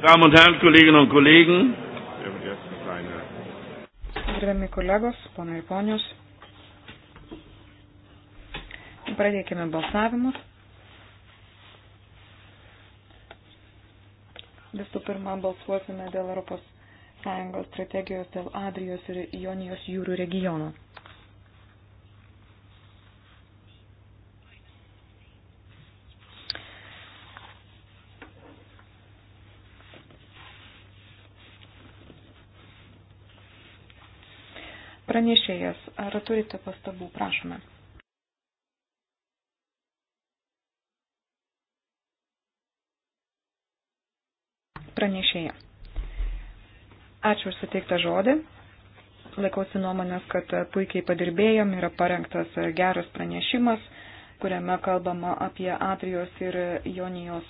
Damen und Herren, Kolleginnen und Kollegen. Gerbiami kolegos, ponai ir ponios, pradėkime balsavimus. Visų pirma, balsuosime dėl Europos Sąjungos strategijos dėl Adrijos ir Jonijos jūrų regiono. pranešėjas. Ar turite pastabų? Prašome. Pranešėja. Ačiū už suteiktą žodį. Laikausi nuomonės, kad puikiai padirbėjom, yra parengtas geras pranešimas, kuriame kalbama apie Adrijos ir Jonijos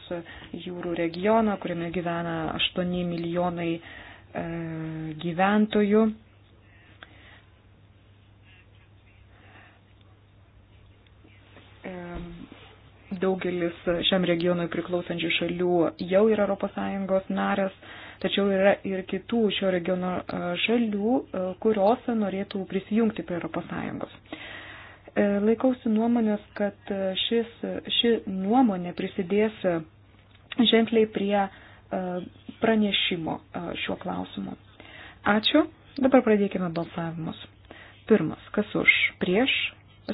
jūrų regioną, kuriame gyvena 8 milijonai e, gyventojų Daugelis šiam regionui priklausančių šalių jau yra ES narės, tačiau yra ir kitų šio regiono e, šalių, e, kurios norėtų prisijungti prie ES. E, laikausi nuomonės, kad šis, ši nuomonė prisidės ženkliai prie pranešimo šiuo klausimu. Ačiū. Dabar pradėkime balsavimus. Pirmas, kas už prieš,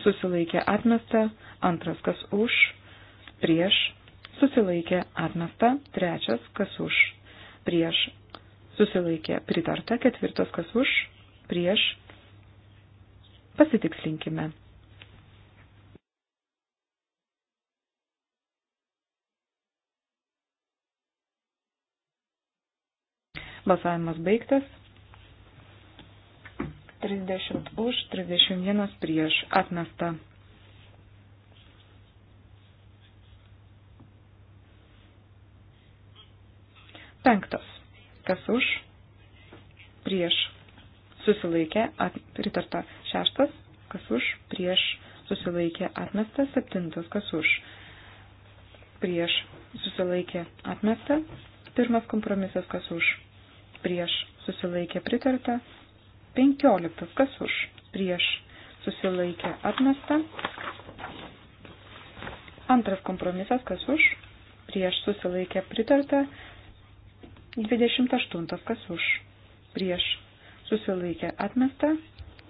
susilaikė atmesta, antras, kas už, prieš, susilaikė atmesta, trečias, kas už, prieš, susilaikė pritarta, ketvirtas, kas už, prieš, pasitikslinkime. Balsavimas baigtas. 30 už, 31 prieš atmesta. Penktas. Kas už? Prieš. Susilaikė. At, pritarta. Šeštas. Kas už? Prieš. Susilaikė. Atmesta. Septintas. Kas už? Prieš. Susilaikė. Atmesta. Pirmas kompromisas. Kas už? Prieš. Susilaikė. Pritarta. Penkioliktas. Kas už? Prieš. Susilaikė. Atmesta. Antras kompromisas. Kas už? prieš susilaikę pritarta, 28 kas už, prieš, susilaikė atmesta,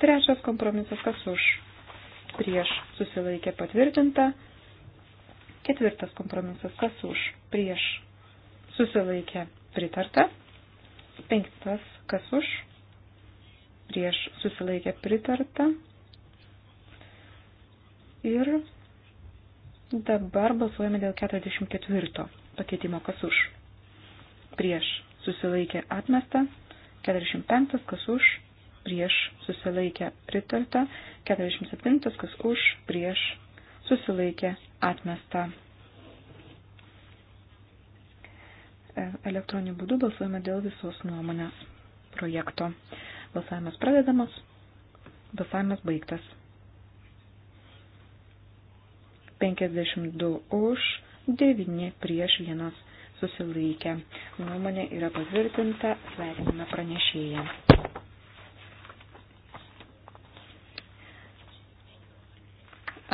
trečias kompromisas kas už, prieš, susilaikė patvirtinta, ketvirtas kompromisas kas už, prieš, susilaikė pritarta, penktas kas už, prieš, susilaikė pritarta. Ir dabar balsuojame dėl 44 pakeitimo kas už prieš susilaikė atmesta, 45 kas už, prieš susilaikė pritarta, 47 kas už, prieš susilaikė atmesta. E, elektroniniu būdu balsuojame dėl visos nuomonės projekto. Balsavimas pradedamas, balsavimas baigtas. 52 už, 9 prieš 1 susilaikė. Nuomonė yra patvirtinta, sveikiname pranešėją.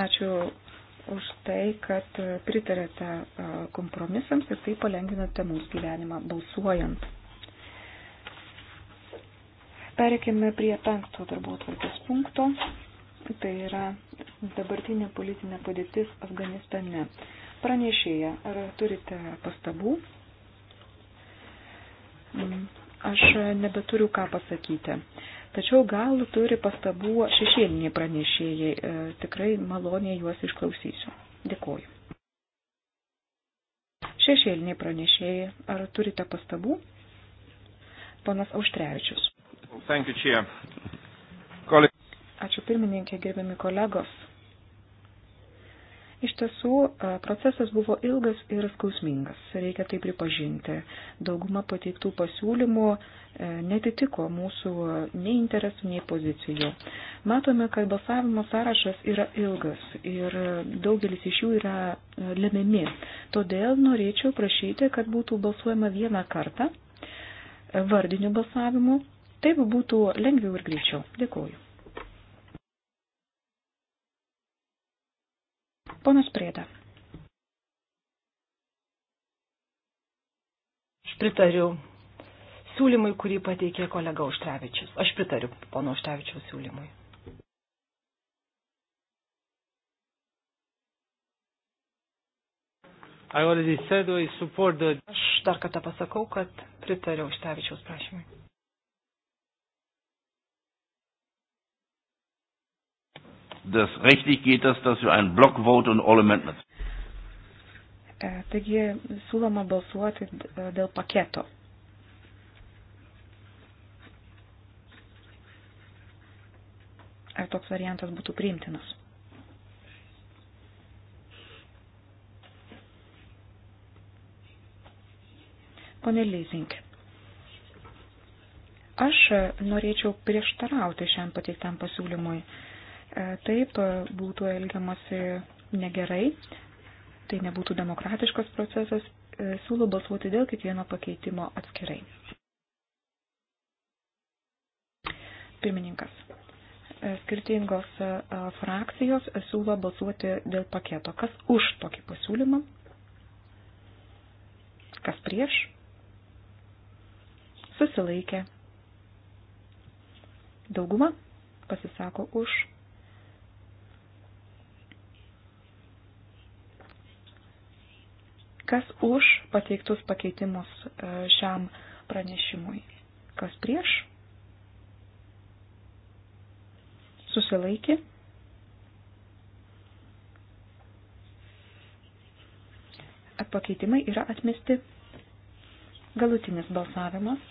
Ačiū už tai, kad pritarėte kompromisams ir tai palengvinate mūsų gyvenimą balsuojant. Perėkime prie penkto darbo tvarkės punkto. Tai yra dabartinė politinė padėtis Afganistane pranešėja, ar turite pastabų? Mm, aš nebeturiu ką pasakyti. Tačiau gal turi pastabų šešėliniai pranešėjai. E, tikrai maloniai juos išklausysiu. Dėkuoju. Šešėliniai pranešėjai, ar turite pastabų? Ponas Auštrevičius. Ačiū pirmininkė, gerbiami kolegos. Iš tiesų, e, procesas buvo ilgas ir skausmingas, reikia tai pripažinti. Dauguma pateiktų pasiūlymų e, netitiko mūsų nei interesų, nei pozicijų. Matome, kad balsavimo sąrašas yra ilgas ir daugelis iš jų yra e, lemiami. Todėl norėčiau prašyti, kad būtų balsuojama vieną kartą vardiniu balsavimu. Taip būtų lengviau ir greičiau. Dėkuoju. Ponas Prieda. Aš pritariu siūlymui, kurį pateikė kolega Užtrevičius. Aš pritariu pono Užtrevičiaus siūlymui. Aš dar kartą pasakau, kad pritariu Užtevičiaus prašymui. das rechtlich geht das, dass wir einen Block Vote on all amendments. E, taigi siūloma balsuoti e, dėl paketo. Ar toks variantas būtų priimtinas? Pone Leisink, aš norėčiau prieštarauti šiam pateiktam pasiūlymui. E, taip būtų elgiamasi negerai, tai nebūtų demokratiškas procesas, e, siūlau balsuoti dėl kiekvieno pakeitimo atskirai. Pirmininkas. E, skirtingos frakcijos siūlo balsuoti dėl paketo. Kas už tokį pasiūlymą? Kas prieš? Susilaikė. Dauguma pasisako už. Kas už pateiktus pakeitimus e, šiam pranešimui? Kas prieš? Susilaikė? Pakeitimai yra atmesti. Galutinis balsavimas.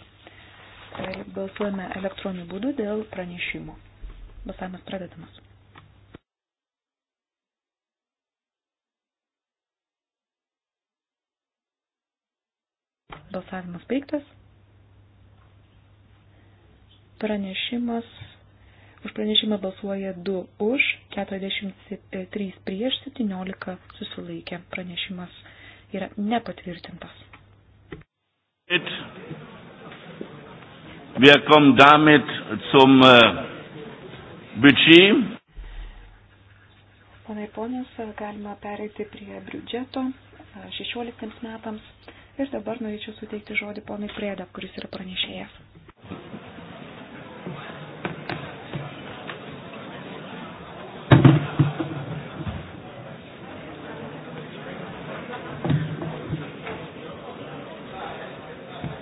E, balsuojame elektroniniu būdu dėl pranešimo. Balsavimas pradedamas. Balsavimas baigtas. Pranešimas. Už pranešimą balsuoja 2 už, 43 prieš, 17 susilaikė. Pranešimas yra nepatvirtintas. It. Wir kommen damit zum äh, Budget. Pana ir ponios, galima pereiti prie biudžeto 16 metams. Ir dabar norėčiau suteikti žodį ponui Prėda, kuris yra pranešėjas.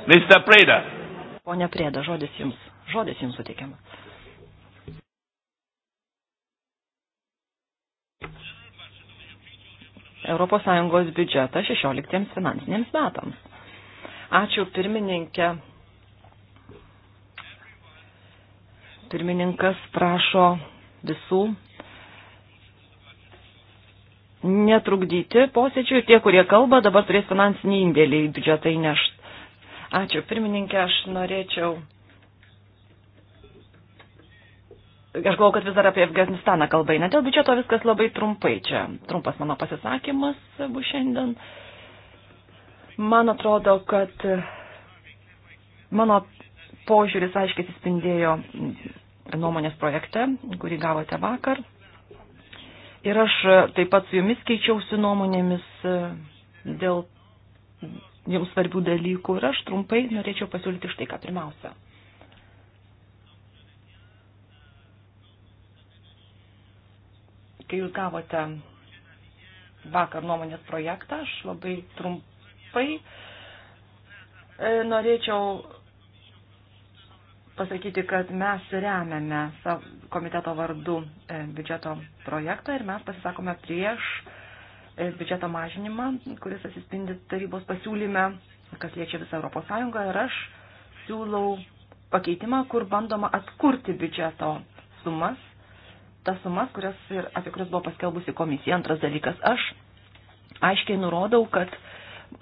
Mr. Prėda. Pone Prėda, žodis jums. Žodis jums suteikiamas. ES biudžetą 16 finansiniams metams. Ačiū pirmininkė. Pirmininkas prašo visų netrukdyti posėdžių ir tie, kurie kalba, dabar turės finansinį indėlį į biudžetą įnešti. Ačiū pirmininkė, aš norėčiau Aš galvoju, kad vis dar apie Afganistaną kalba eina. Dėl biudžeto viskas labai trumpai čia. Trumpas mano pasisakymas bus šiandien. Man atrodo, kad mano požiūris aiškiai atsispindėjo nuomonės projekte, kurį gavote vakar. Ir aš taip pat su jumis keičiausi nuomonėmis e, dėl jums svarbių dalykų ir aš trumpai norėčiau pasiūlyti štai ką pirmiausia. kai jūs gavote vakar nuomonės projektą, aš labai trumpai e, norėčiau pasakyti, kad mes remiame komiteto vardu e, biudžeto projektą ir mes pasisakome prieš e, biudžeto mažinimą, kuris atsispindi tarybos pasiūlyme, kas liečia visą Europos Sąjungą ir aš siūlau pakeitimą, kur bandoma atkurti biudžeto sumas tas sumas, kurias ir apie kurias buvo paskelbusi komisija. Antras dalykas, aš aiškiai nurodau, kad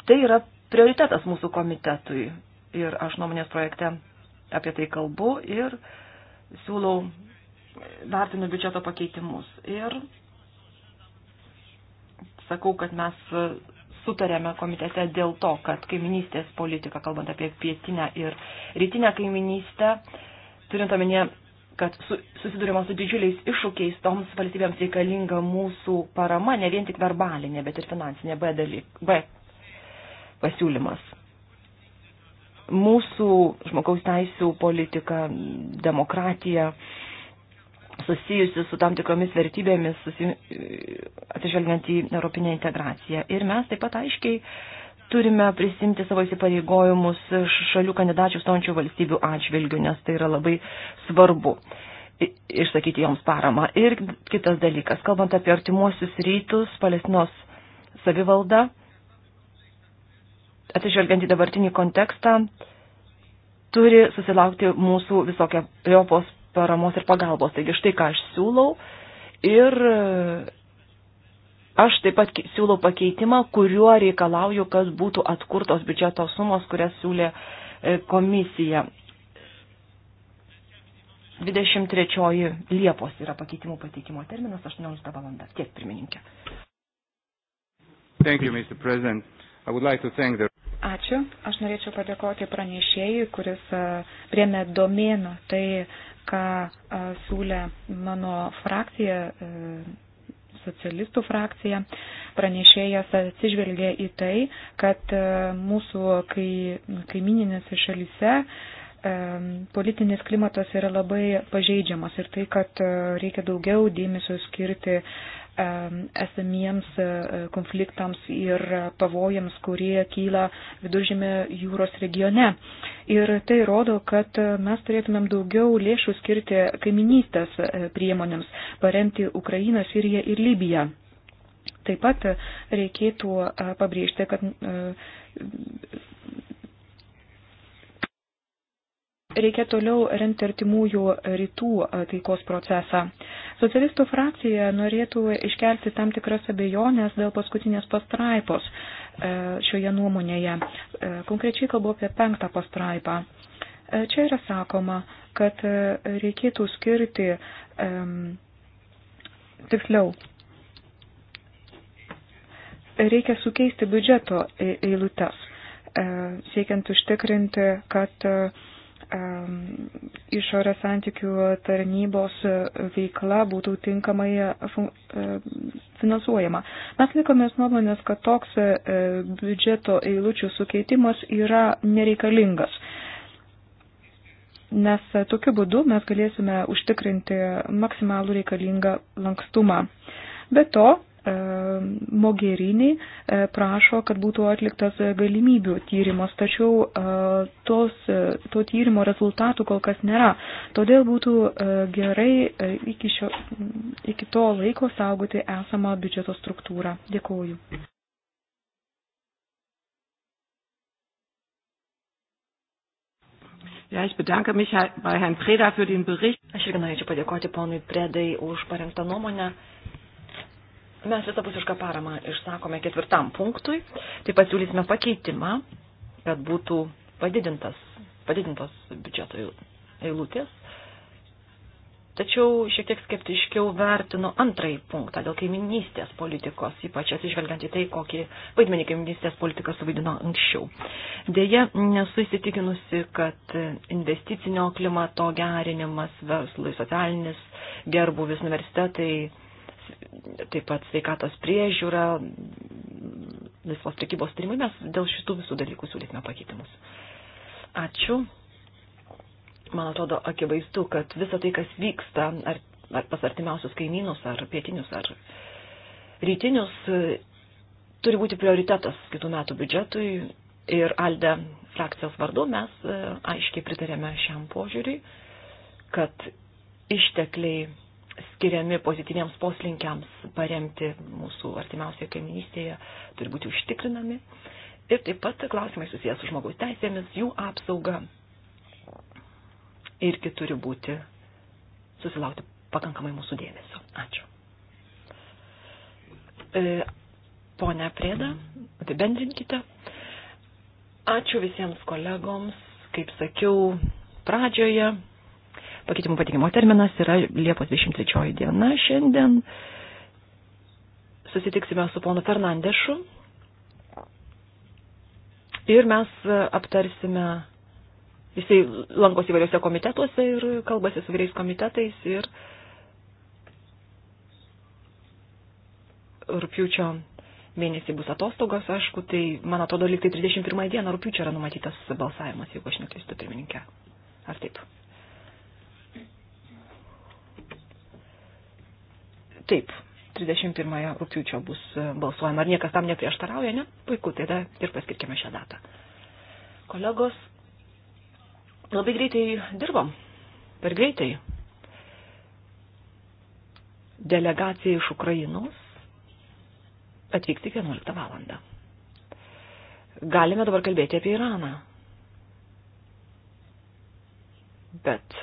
tai yra prioritetas mūsų komitetui ir aš nuomonės projekte apie tai kalbu ir siūlau vertinu biudžeto pakeitimus. Ir sakau, kad mes sutarėme komitete dėl to, kad kaiminystės politika, kalbant apie pietinę ir rytinę kaiminystę, turint omenyje kad su, susidurima su didžiuliais iššūkiais toms valstybėms reikalinga mūsų parama, ne vien tik verbalinė, bet ir finansinė B, dalyk, B pasiūlymas. Mūsų žmogaus teisų politika, demokratija susijusi su tam tikromis vertybėmis, susi... atsižvelgiant į europinę integraciją. Ir mes taip pat aiškiai uh, turime prisimti savo įsipareigojimus šalių kandidačių stončių valstybių atžvilgių, nes tai yra labai svarbu išsakyti joms paramą. Ir kitas dalykas, kalbant apie artimuosius rytus, Palestinos savivaldą, atsižvelgiant į dabartinį kontekstą, turi susilaukti mūsų visokio Europos paramos ir pagalbos. Taigi štai ką aš siūlau. Ir Aš taip pat siūlau pakeitimą, kuriuo reikalauju, kad būtų atkurtos biudžeto sumos, kurias siūlė e, komisija. 23 Liepos yra pakeitimų pateikimo terminas, 18 valanda. Tiek, pirmininkė. Thank you, Mr. President. I would like to thank the... Ačiū. Aš norėčiau padėkoti pranešėjui, kuris e, priemė domėnų tai, ką e, siūlė mano frakcija socialistų frakcija pranešėjas atsižvelgia į tai, kad e, mūsų kai, kaimininėse šalise e, politinis klimatas yra labai pažeidžiamas ir tai, kad e, reikia daugiau dėmesio skirti esamiems e, konfliktams ir pavojams, kurie kyla viduržėme jūros regione. Ir tai rodo, kad mes turėtumėm daugiau lėšų skirti kaiminystės e, priemonėms, paremti Ukrainą, Siriją ir Libiją. Taip pat reikėtų e, pabrėžti, kad reikia toliau remti artimųjų rytų taikos procesą. Socialistų frakcija norėtų iškelti tam tikras abejonės dėl paskutinės pastraipos e, šioje nuomonėje. E, konkrečiai kalbu apie penktą pastraipą. E, čia yra sakoma, kad reikėtų skirti, tiksliau, reikia sukeisti biudžeto eilutes, siekiant užtikrinti, kad išorės santykių tarnybos veikla būtų tinkamai e, e, finansuojama. Mes likomės nuomonės, kad toks e, biudžeto eilučių sukeitimas yra nereikalingas nes tokiu būdu mes galėsime užtikrinti maksimalų reikalingą lankstumą. Be to, E, Mogherini e, prašo, kad būtų atliktas galimybių tyrimas, tačiau e, tos, to tyrimo rezultatų kol kas nėra. Todėl būtų gerai iki, šio, iki to laiko saugoti esamą biudžeto struktūrą. Dėkuoju. Ja, ich bedanke mich bei Herrn Preda für den Bericht. Aš irgi norėčiau padėkoti ponui Predai už parengtą nuomonę. Mes visapusišką paramą išsakome ketvirtam punktui, taip pat siūlysime pakeitimą, kad būtų padidintas, padidintos biudžeto eilutės. Tačiau šiek tiek skeptiškiau vertinu antrąjį punktą dėl kaiminystės politikos, ypač atsižvelgiant į tai, kokį vaidmenį kaiminystės politika suvaidino anksčiau. Deja, nesu įsitikinusi, kad investicinio klimato gerinimas, verslui, socialinis gerbuvis, universitetai, taip pat sveikatos priežiūra, laisvos prekybos tyrimai, mes dėl šitų visų dalykų siūlysime pakeitimus. Ačiū. Man atrodo, akivaizdu, kad visa tai, kas vyksta, ar, ar pas artimiausius kaimynus, ar pietinius, ar rytinius, turi būti prioritetas kitų metų biudžetui. Ir Alde frakcijos vardu mes e, aiškiai pritarėme šiam požiūriui, kad ištekliai skiriami pozityviems poslinkiams paremti mūsų artimiausioje kaiminystėje, turi būti užtikrinami. Ir taip pat klausimai susijęs su žmogaus teisėmis, jų apsauga irgi turi būti susilaukti pakankamai mūsų dėmesio. Ačiū. E, Pone Prėda, apibendrinkite. Ačiū visiems kolegoms, kaip sakiau pradžioje. Pakeitimų patikimo terminas yra Liepos 23 diena. Šiandien susitiksime su ponu Fernandešu ir mes aptarsime. Jisai lankosi įvairiuose komitetuose ir kalbasi su vyriais komitetais ir rūpiučio mėnesį bus atostogos, aišku, tai man atrodo, lyg tai 31 dieną rūpiučio yra numatytas balsavimas, jeigu aš neklystu pirmininkė. Ar taip? Taip, 31 rūpiučio bus e, balsuojama. Ar niekas tam neprieštarauja, ne? Puiku, tai tada ir paskirkime šią datą. Kolegos, labai greitai dirbom. Per greitai. Delegacija iš Ukrainos atvyks tik 11 valandą. Galime dabar kalbėti apie Iraną. Bet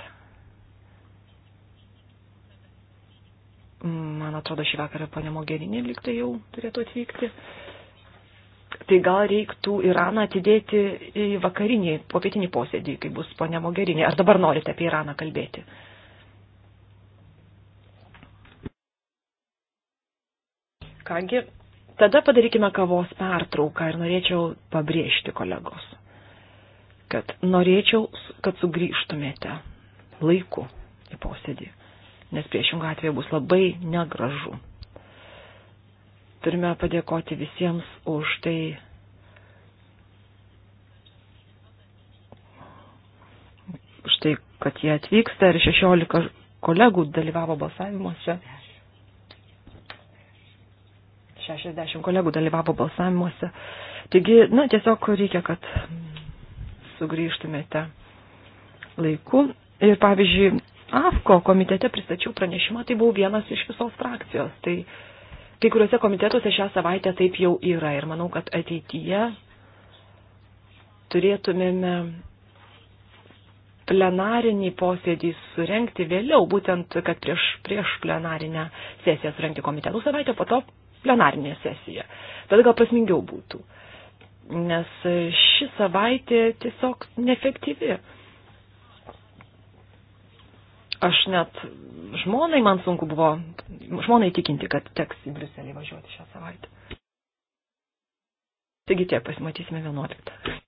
Man atrodo, šį vakarą ponė Mogerinė liktai jau turėtų atvykti. Tai gal reiktų Iraną atidėti į vakarinį, popietinį posėdį, kai bus ponė Mogerinė. Ar dabar norite apie Iraną kalbėti? Kągi, tada padarykime kavos pertrauką ir norėčiau pabrėžti kolegos, kad norėčiau, kad sugrįžtumėte laiku į posėdį nes priešingų atveju bus labai negražu. Turime padėkoti visiems už tai, už tai, kad jie atvyksta ir 16 kolegų dalyvavo balsavimuose. 60 kolegų dalyvavo balsavimuose. Taigi, na, tiesiog reikia, kad sugrįžtumėte laiku. Ir pavyzdžiui, AFKO komitete pristačiau pranešimą, tai buvau vienas iš visos frakcijos. Tai kai kuriuose komitetuose šią savaitę taip jau yra ir manau, kad ateityje turėtumėme plenarinį posėdį surenkti vėliau, būtent, kad prieš, prieš plenarinę sesiją surenkti komitetų savaitę, po to plenarinė sesija. Tada gal prasmingiau būtų, nes ši savaitė tiesiog neefektyvi. Aš net žmonai man sunku buvo, žmonai tikinti, kad teks į Briuselį važiuoti šią savaitę. Taigi tiek, pasimatysime 11.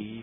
die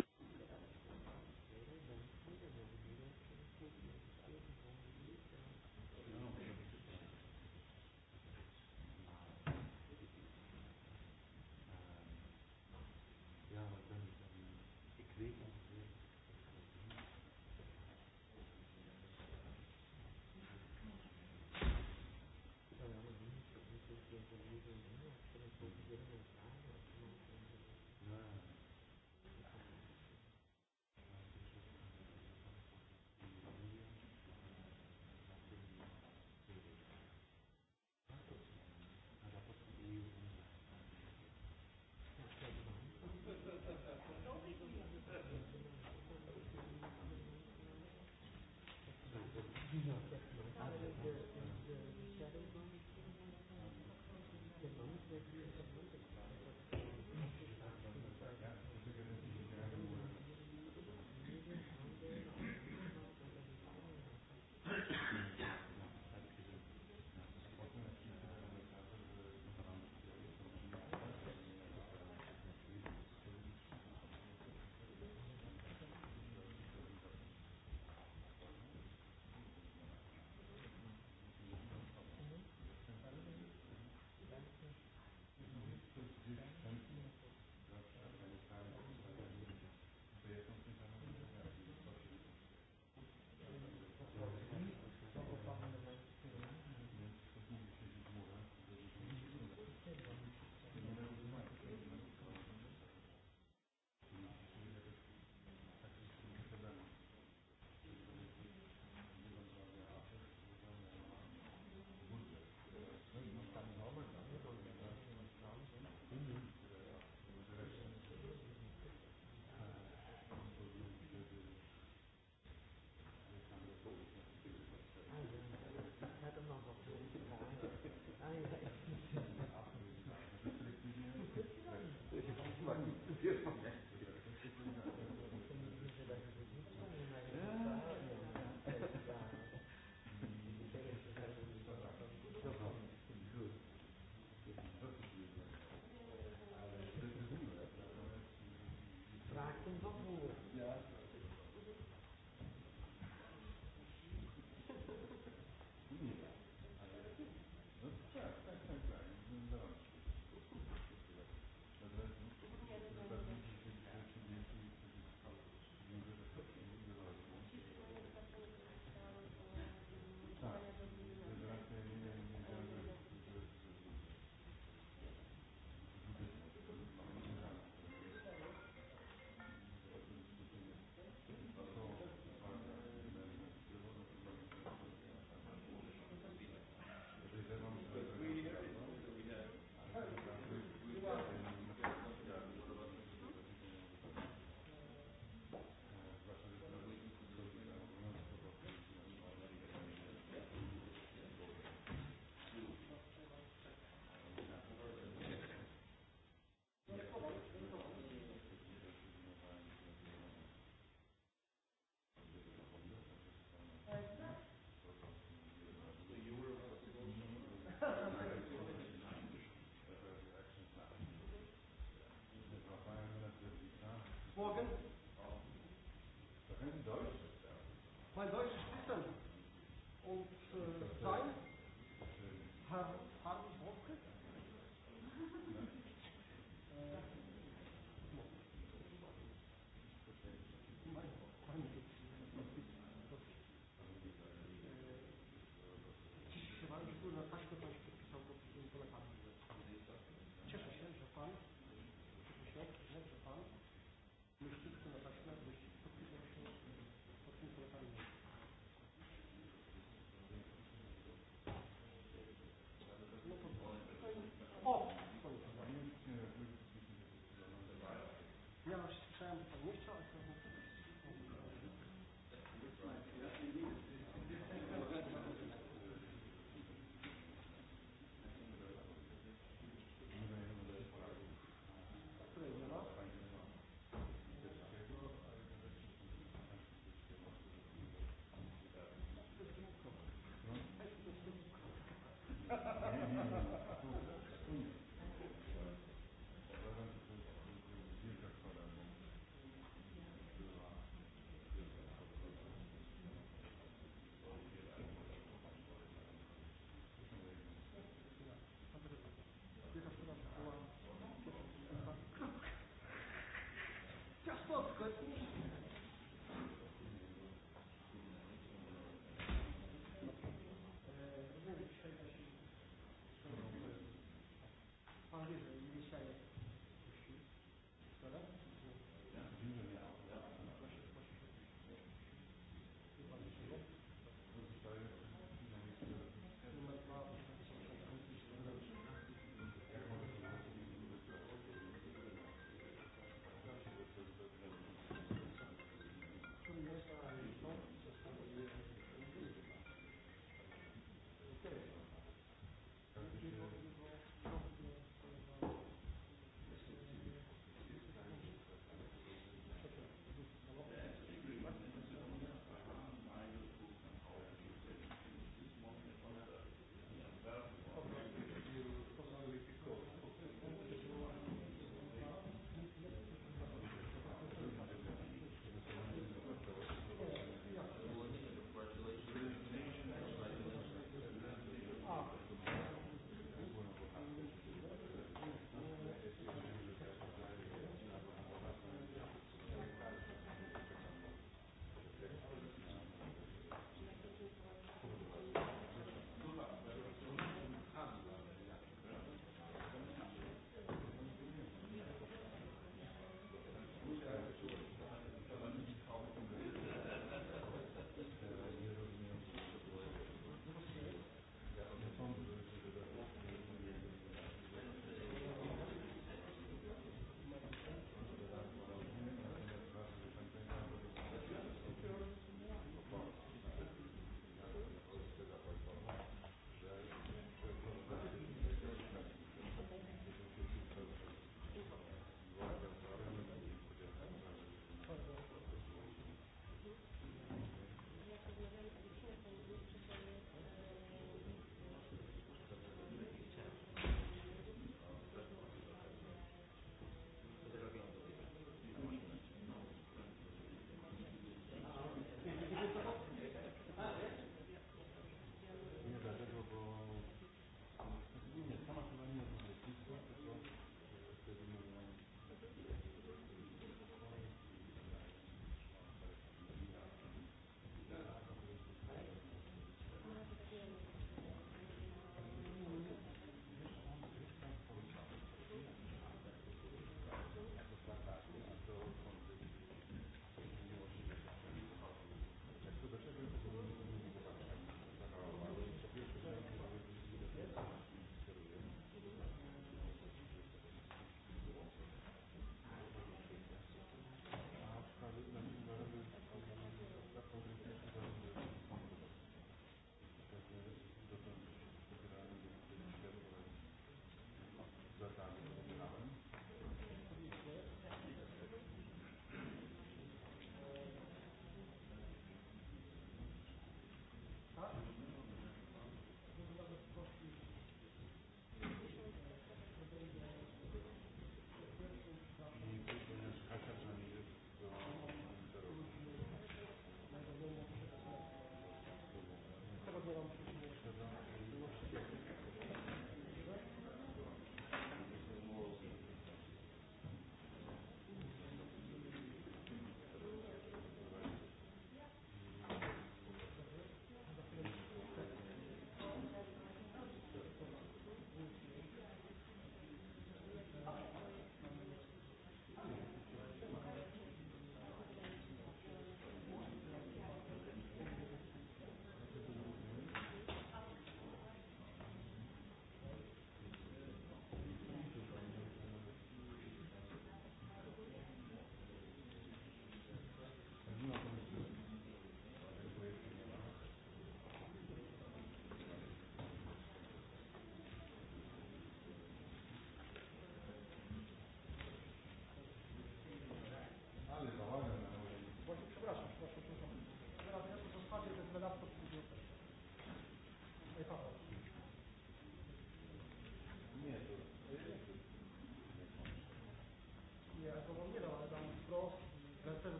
Thank you. Morgen? Deutsch. Mein Deutsch ist fließend. Und äh, sein?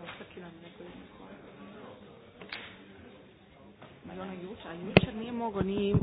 Bravo, sad ću vam neko jedno koje. Ali ono jučer, a jučer nije mogo, nije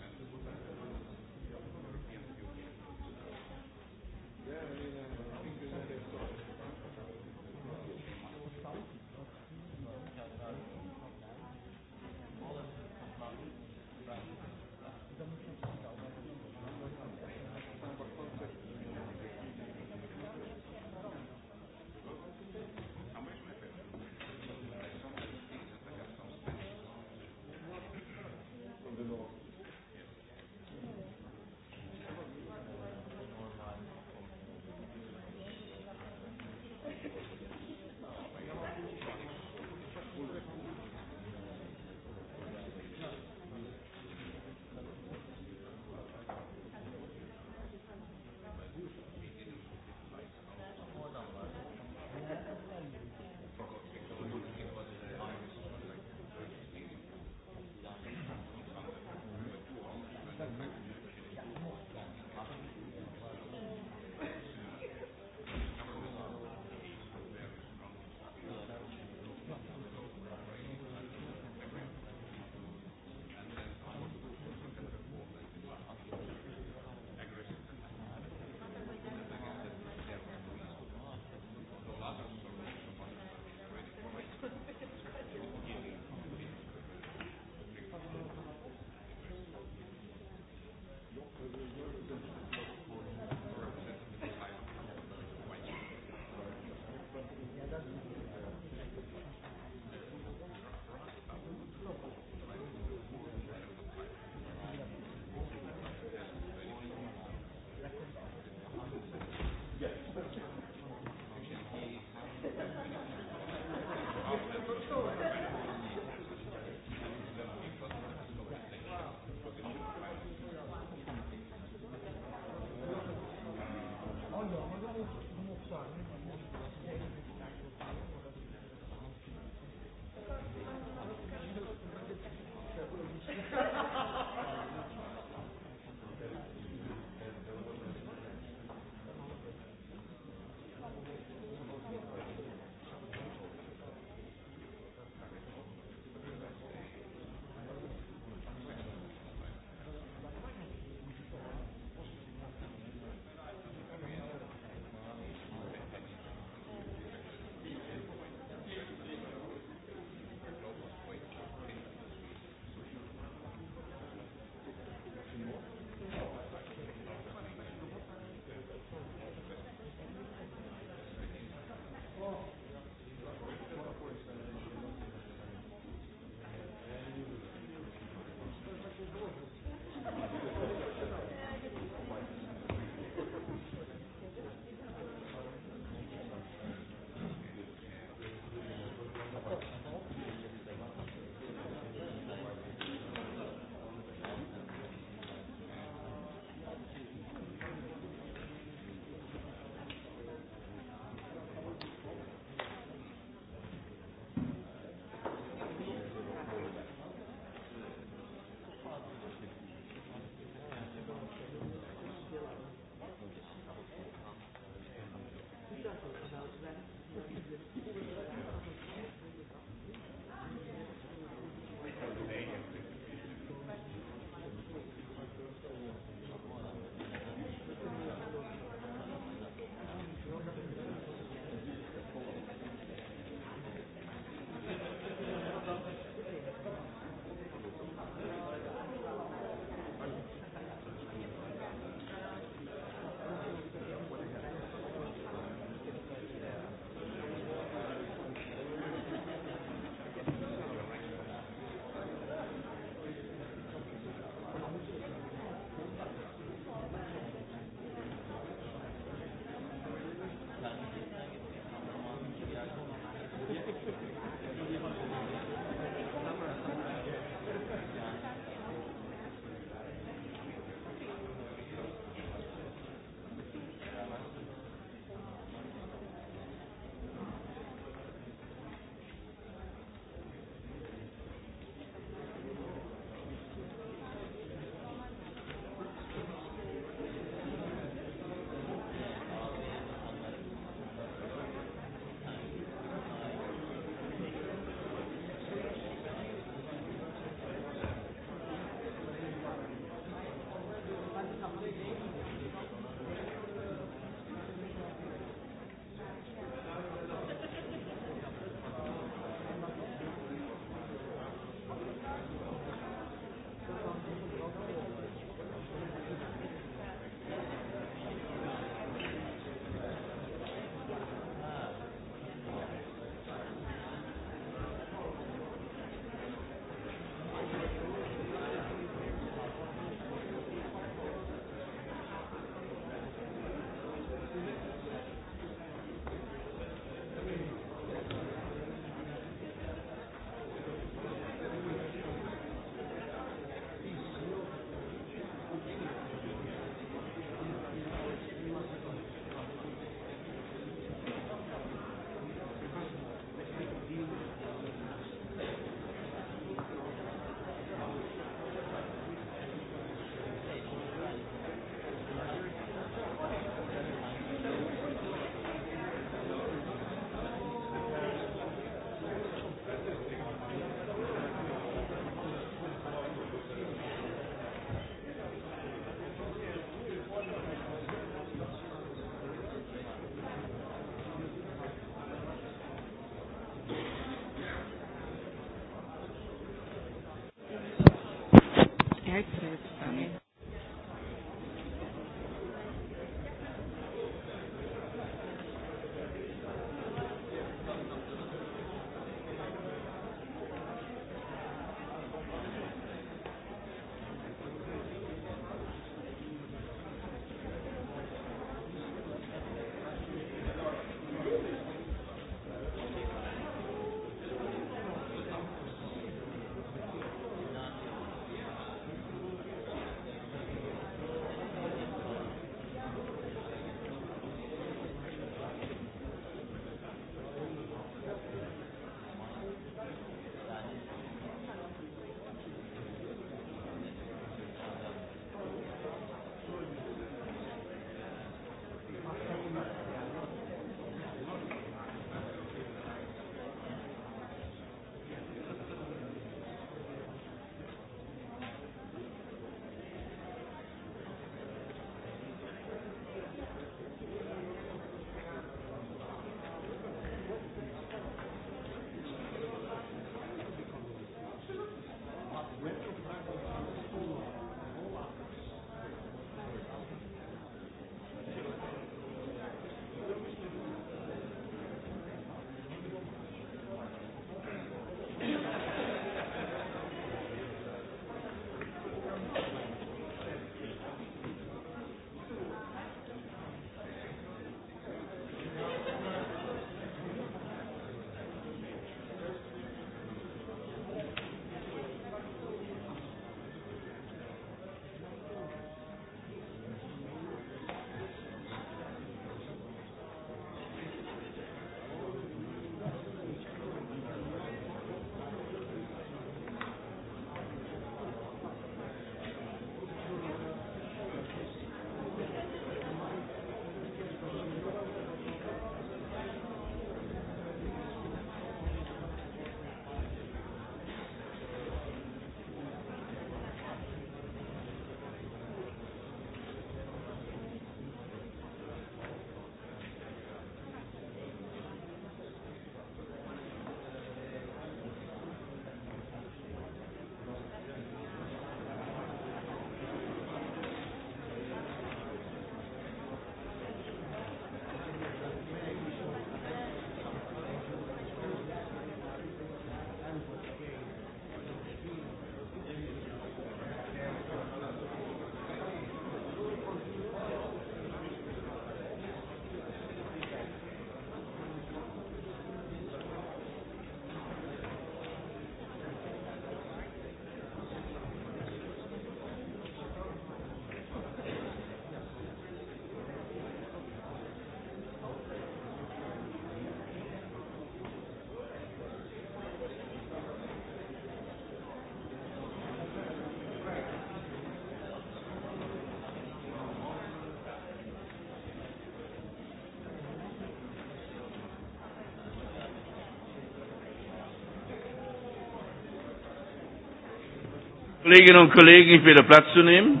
Kolleginnen und Kollegen, ich bitte Platz zu nehmen.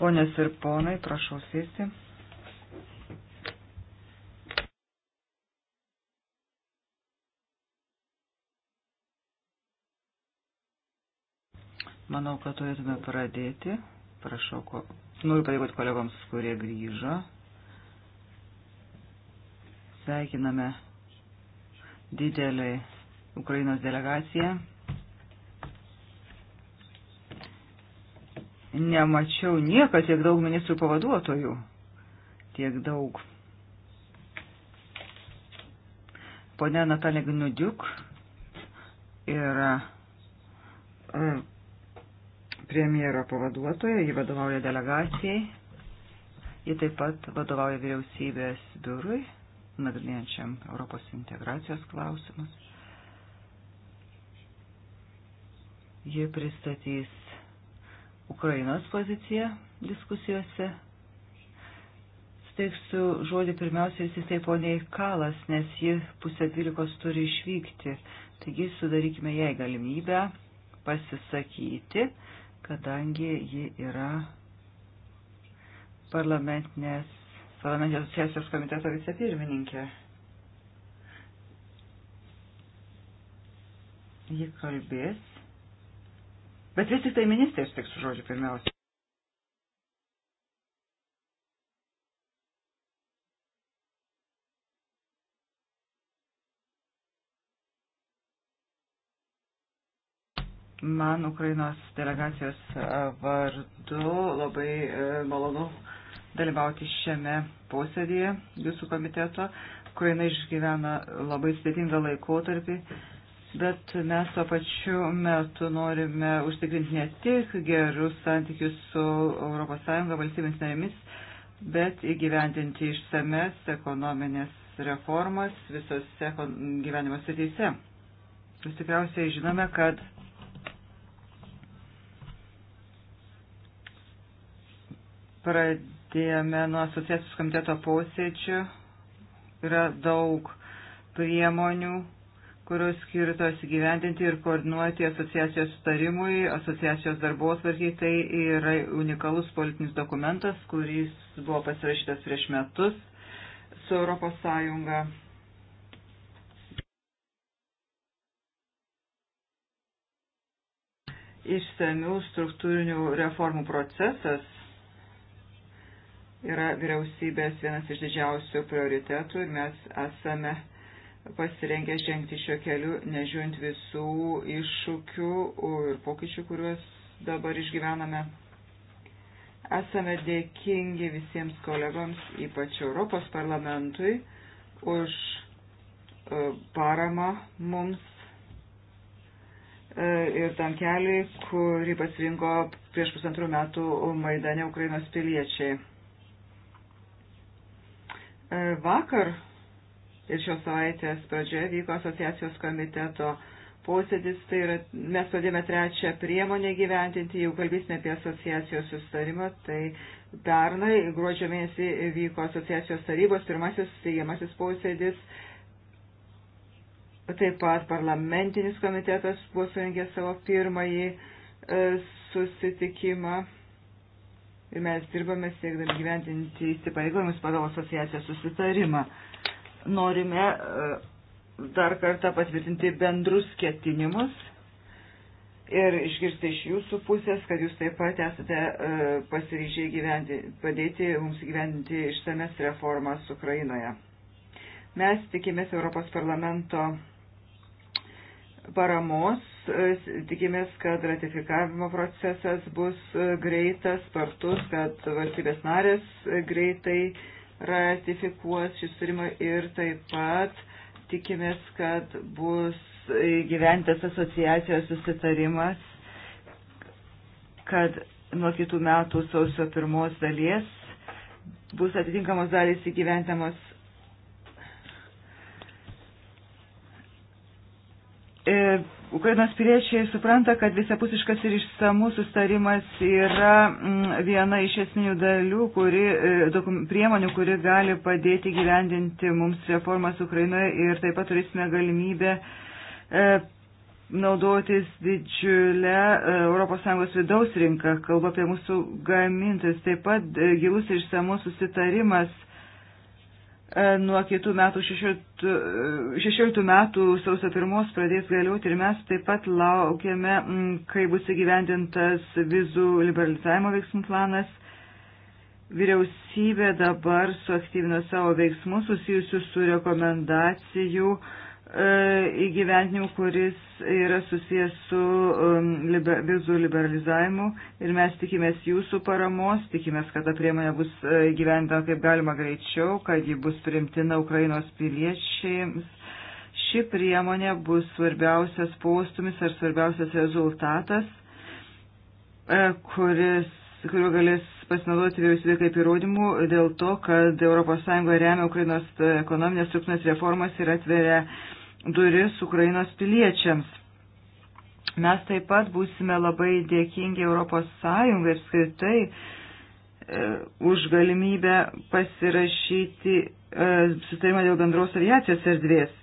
Ponios ir ponai, prašau sėsti. Manau, kad turėtume pradėti. Prašau, ko... noriu padėkoti kolegoms, kurie grįžo. Sveikiname didelį Ukrainos delegaciją nemačiau niekad tiek daug ministrų pavaduotojų. Tiek daug. Pone Natalė Gnudiuk yra e, premjero pavaduotoja, ji vadovauja delegacijai, ji taip pat vadovauja vyriausybės biurui, nagrinėjančiam Europos integracijos klausimus. Ji pristatys Ukrainos poziciją diskusijose. Steiksiu žodį pirmiausia vis tai poniai Kalas, nes ji pusę dvylikos turi išvykti. Taigi sudarykime jai galimybę pasisakyti, kadangi ji yra parlamentinės, parlamentinės asociacijos komiteto vicepirmininkė. Ji kalbės Bet vis tik tai ministrės teks žodžiu pirmiausia. Man Ukrainos delegacijos e, vardu labai e, malonu dalyvauti šiame posėdėje jūsų komiteto. Ukraina išgyvena labai sudėtingą laikotarpį bet mes tuo pačiu metu norime užtikrinti ne tik gerus santykius su ES valstybės narėmis, bet įgyvendinti išsames ekonominės reformas visose gyvenimo srityse. Jūs tikriausiai žinome, kad pradėjome nuo asociacijos komiteto posėdžių. Yra daug priemonių kurios skirtos gyvendinti ir koordinuoti asociacijos sutarimui, asociacijos darbos vargiai. Tai yra unikalus politinis dokumentas, kuris buvo pasirašytas prieš metus su Europos Sąjunga. Išsamių struktūrinių reformų procesas yra vyriausybės vienas iš didžiausių prioritetų ir mes esame pasirengę žengti šio keliu, nežiūrint visų iššūkių ir pokyčių, kuriuos dabar išgyvename. Esame dėkingi visiems kolegoms, ypač Europos parlamentui, už e, paramą mums e, ir tam keliui, kurį pasirinko prieš pusantrų metų Maidane Ukrainos piliečiai. E, vakar ir šios savaitės pradžioje vyko asociacijos komiteto posėdis, tai yra, mes pradėjome trečią priemonę gyventinti, jau kalbėsime apie asociacijos sustarimą, tai pernai gruodžio mėnesį vyko asociacijos tarybos pirmasis steigamasis posėdis, taip pat parlamentinis komitetas buvo surengęs savo pirmąjį e, susitikimą. Ir mes dirbame siekdami gyventinti įsipareigojimus pagal asociacijos susitarimą. Uh, norime e, dar kartą patvirtinti bendrus ketinimus ir išgirsti iš jūsų pusės, kad jūs taip pat esate e, pasiryžę gyventi, padėti mums gyventi išsames reformas Ukrainoje. Mes tikimės Europos parlamento paramos, e, tikimės, kad ratifikavimo procesas bus greitas, spartus, kad valstybės narės greitai uh, ratifikuos šį sutarimą ir taip pat tikimės, kad bus gyventas asociacijos susitarimas, kad nuo kitų metų sausio pirmos dalies bus atitinkamos dalys įgyventamos E, Ukrainos piliečiai supranta, kad visapusiškas ir išsamus sustarimas yra mm, viena iš esminių dalių, kuri, e, dokum, priemonių, kuri gali padėti gyvendinti mums reformas Ukrainoje ir taip pat turėsime galimybę e, naudotis didžiulę ES vidaus rinką, kalba apie mūsų gamintojus, taip pat gilus ir išsamus susitarimas E, nuo kitų metų 16 e, metų sausio pirmos pradės galioti ir mes taip pat laukiame, kai bus įgyvendintas vizų liberalizavimo veiksmų planas. Vyriausybė dabar suaktyvino savo veiksmus susijusius su rekomendacijų uh, E, įgyventinimu, kuris yra susijęs su um, liber, vizų liberalizavimu ir mes tikimės jūsų paramos, tikimės, kad ta priemonė bus e, įgyventa kaip galima greičiau, kad ji bus primtina Ukrainos piliečiams. Ši priemonė bus svarbiausias postumis ar svarbiausias rezultatas, e, kuris, kuriuo galės pasinaudoti vyriausybė kaip įrodymų dėl to, kad ES remia Ukrainos ekonominės struktūrinės reformas ir atveria duris Ukrainos piliečiams. Mes taip pat būsime labai dėkingi Europos Sąjungai apskritai e, už galimybę pasirašyti e, sutarimą dėl bendros aviacijos erdvės.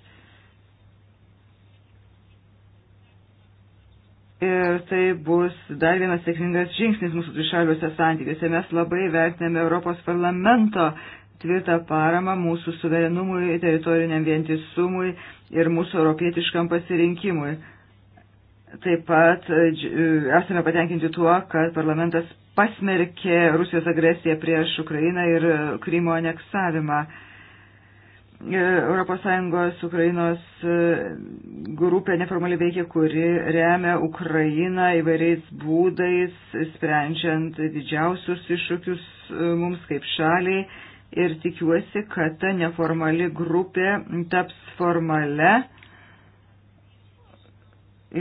ir tai bus dar vienas sėkmingas žingsnis mūsų dvišaliuose santykiuose. Mes labai vertiname Europos parlamento tvirtą paramą mūsų suverenumui, teritoriniam vientisumui ir mūsų europietiškam pasirinkimui. Taip pat esame patenkinti tuo, kad parlamentas pasmerkė Rusijos agresiją prieš Ukrainą ir Krymo aneksavimą. ES Ukrainos e, grupė neformaliai veikia, kuri remia Ukrainą įvairiais būdais, sprendžiant didžiausius iššūkius e, mums kaip šaliai ir tikiuosi, kad ta neformali grupė taps formale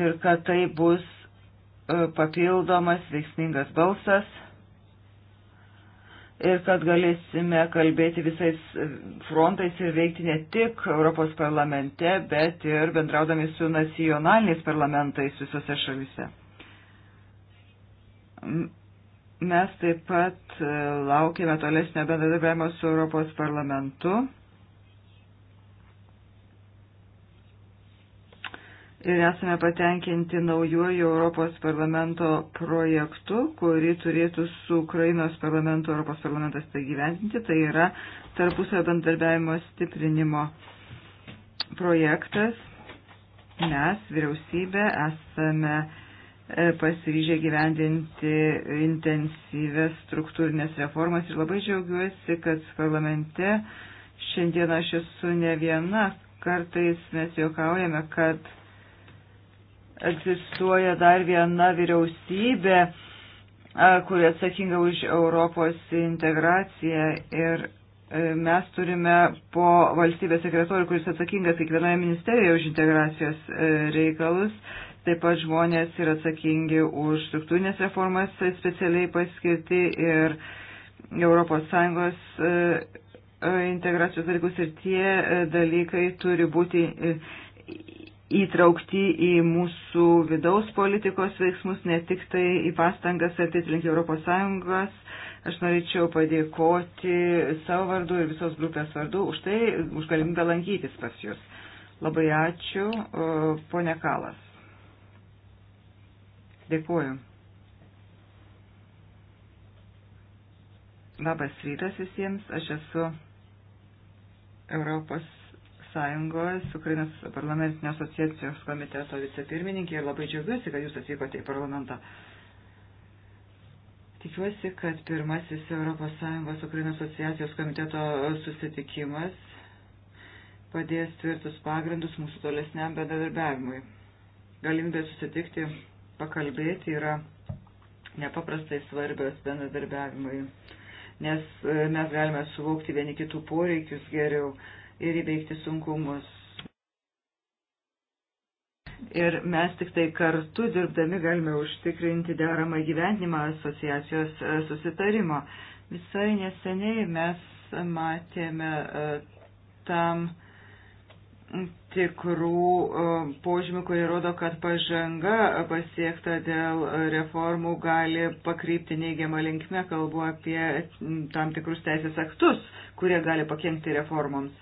ir kad tai bus e, papildomas veiksmingas balsas ir kad galėsime kalbėti visais frontais ir veikti ne tik Europos parlamente, bet ir bendraudami su nacionaliniais parlamentais visose šalise Mes taip pat e, laukime tolesnio bendradarbiavimo su Europos parlamentu. Ir esame patenkinti naujuoju Europos parlamento projektu, kurį turėtų su Ukrainos parlamentu Europos parlamentas tai gyventinti. Tai yra tarpusio bendarbiavimo stiprinimo projektas. Mes, vyriausybė, esame E, pasiryžę gyvendinti intensyves struktūrinės reformas ir labai džiaugiuosi, kad parlamente šiandien aš esu ne viena. Kartais mes juokaujame, kad egzistuoja dar viena vyriausybė, kuri atsakinga už Europos integraciją ir e, mes turime po valstybės sekretorių, kuris atsakingas kiekvienoje ministerijoje už integracijos e, reikalus, Taip pat žmonės yra atsakingi už struktūrinės reformas tai specialiai paskirti ir ES e, e, integracijos dalykus ir tie e, dalykai turi būti įtraukti į mūsų vidaus politikos veiksmus, ne tik tai į pastangas atitlinkti ES. Aš norėčiau padėkoti savo vardu ir visos grupės vardu už tai, už galimybę lankytis pas jūs. Labai ačiū, ponia Kalas. Dėkuoju. Labas rytas visiems, aš esu Europos Sąjungos Ukrainos parlamentinio asociacijos komiteto vicepirmininkė ir labai džiaugiuosi, kad jūs atvykote į parlamentą. Tikiuosi, kad pirmasis Europos Sąjungos Ukrainos asociacijos komiteto susitikimas padės tvirtus pagrindus mūsų tolesniam bendradarbiavimui. Galimybė susitikti pakalbėti yra nepaprastai svarbios bendradarbiavimui, nes e, mes galime suvokti vieni kitų poreikius geriau ir įveikti sunkumus. Ir mes tik tai kartu dirbdami galime užtikrinti deramą gyvenimą asociacijos e, susitarimo. Visai neseniai mes matėme e, tam tikrų e, požymių, kurie rodo, kad pažanga pasiekta dėl reformų gali pakrypti neigiamą linkmę, kalbu apie tam tikrus teisės aktus, kurie gali pakengti reformoms.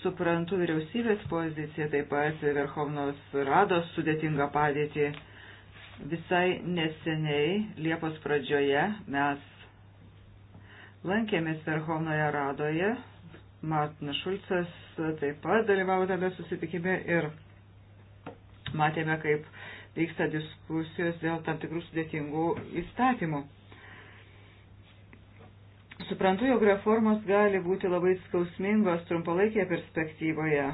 Suprantu vyriausybės poziciją, taip pat Verhovnos Rados sudėtingą padėtį. Visai neseniai, Liepos pradžioje, mes lankėmės Verhovnoje Radoje Martinas Šulcas taip pat dalyvavo tame susitikime ir matėme, kaip vyksta diskusijos dėl tam tikrų sudėtingų įstatymų. Suprantu, jog reformos gali būti labai skausmingos trumpalaikėje perspektyvoje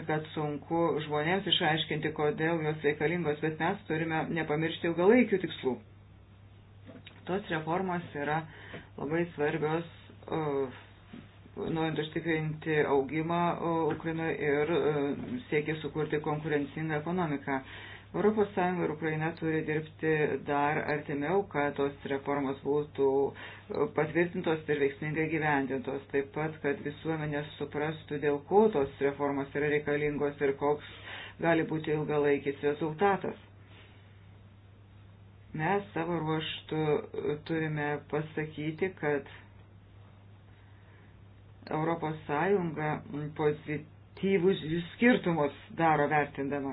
ir kad sunku žmonėms išaiškinti, kodėl jos reikalingos, bet mes turime nepamiršti ilgalaikių tikslų. Tos reformos yra labai svarbios uh, norint užtikrinti augimą Ukrainoje ir e, siekia sukurti konkurencingą ekonomiką. ES ir Ukraina turi dirbti dar artimiau, kad tos reformos būtų e, patvirtintos ir veiksmingai gyvendintos. Taip pat, kad visuomenė suprastų, dėl ko tos reformos yra reikalingos ir koks gali būti ilgalaikis rezultatas. Mes savo ruoštų turime pasakyti, kad ES pozityvus jų skirtumus daro vertindama.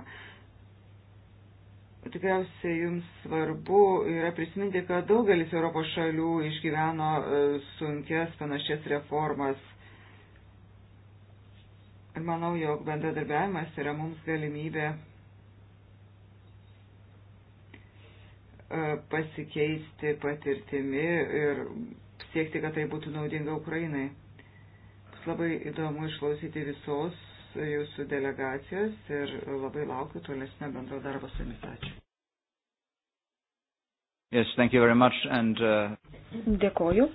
Tikriausiai jums svarbu yra prisiminti, kad daugelis Europos šalių išgyveno e, sunkias panašias reformas. Ir manau, jog bendradarbiavimas yra mums galimybė e, pasikeisti patirtimi ir siekti, kad tai būtų naudinga Ukrainai labai įdomu išklausyti visos jūsų delegacijos ir labai laukiu tolesnio bendro darbo su jumis. Ačiū. Yes, thank you very much and, uh... Dėkoju.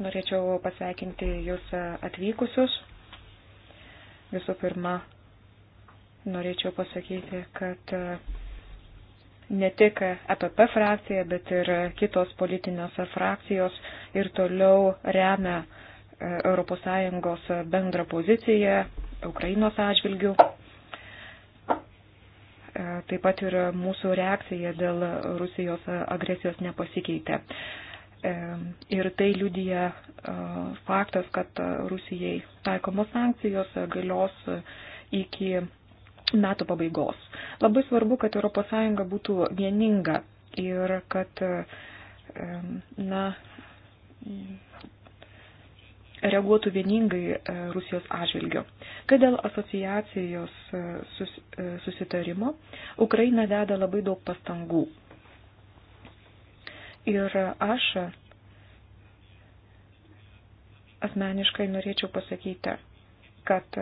Norėčiau pasveikinti jūs atvykusius. Visų pirma, norėčiau pasakyti, kad uh, ne tik EPP frakcija, bet ir kitos politinės frakcijos ir toliau remia uh, ES bendrą poziciją Ukrainos atžvilgių. E, taip pat ir mūsų reakcija dėl Rusijos agresijos nepasikeitė. E, ir tai liudija e, faktas, kad Rusijai taikomos sankcijos galios iki metų pabaigos. Labai svarbu, kad ES būtų vieninga ir kad na, reaguotų vieningai e, Rusijos atžvilgiu. Kad dėl asociacijos e, sus, e, susitarimo, Ukraina deda labai daug pastangų. Ir aš asmeniškai norėčiau pasakyti, kad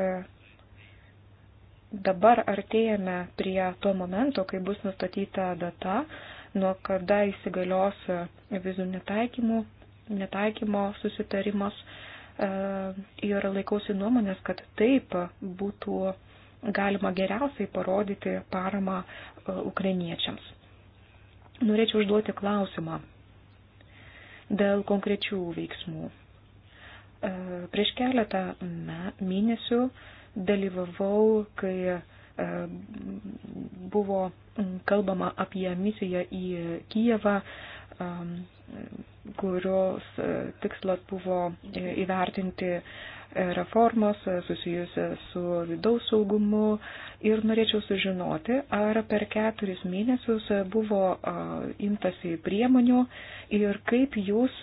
dabar artėjame prie to momento, kai bus nustatyta data, nuo kada įsigalios vizų netaikymų, netaikymo susitarimas E, ir laikausi nuomonės, kad taip būtų galima geriausiai parodyti paramą e, ukrainiečiams. Norėčiau užduoti klausimą dėl konkrečių veiksmų. E, prieš keletą mėnesių dalyvavau, kai buvo kalbama apie misiją į Kijevą kurios e, tikslas buvo e, įvertinti e, reformos susijusias su vidaus saugumu ir norėčiau sužinoti, ar per keturis mėnesius buvo imtasi priemonių ir kaip jūs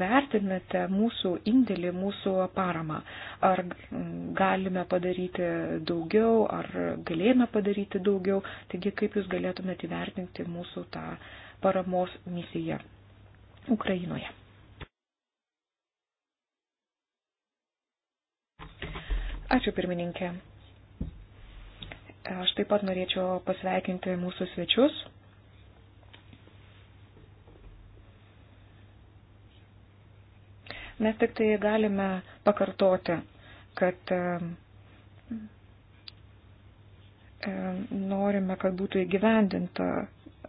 vertinate mūsų indėlį, mūsų paramą. Ar galime padaryti daugiau, ar galėjome padaryti daugiau. Taigi, kaip jūs galėtumėte įvertinti mūsų tą uh, paramos misija Ukrainoje. Ačiū pirmininkė. Aš taip pat norėčiau pasveikinti mūsų svečius. Mes tik tai galime pakartoti, kad norime, kad būtų įgyvendinta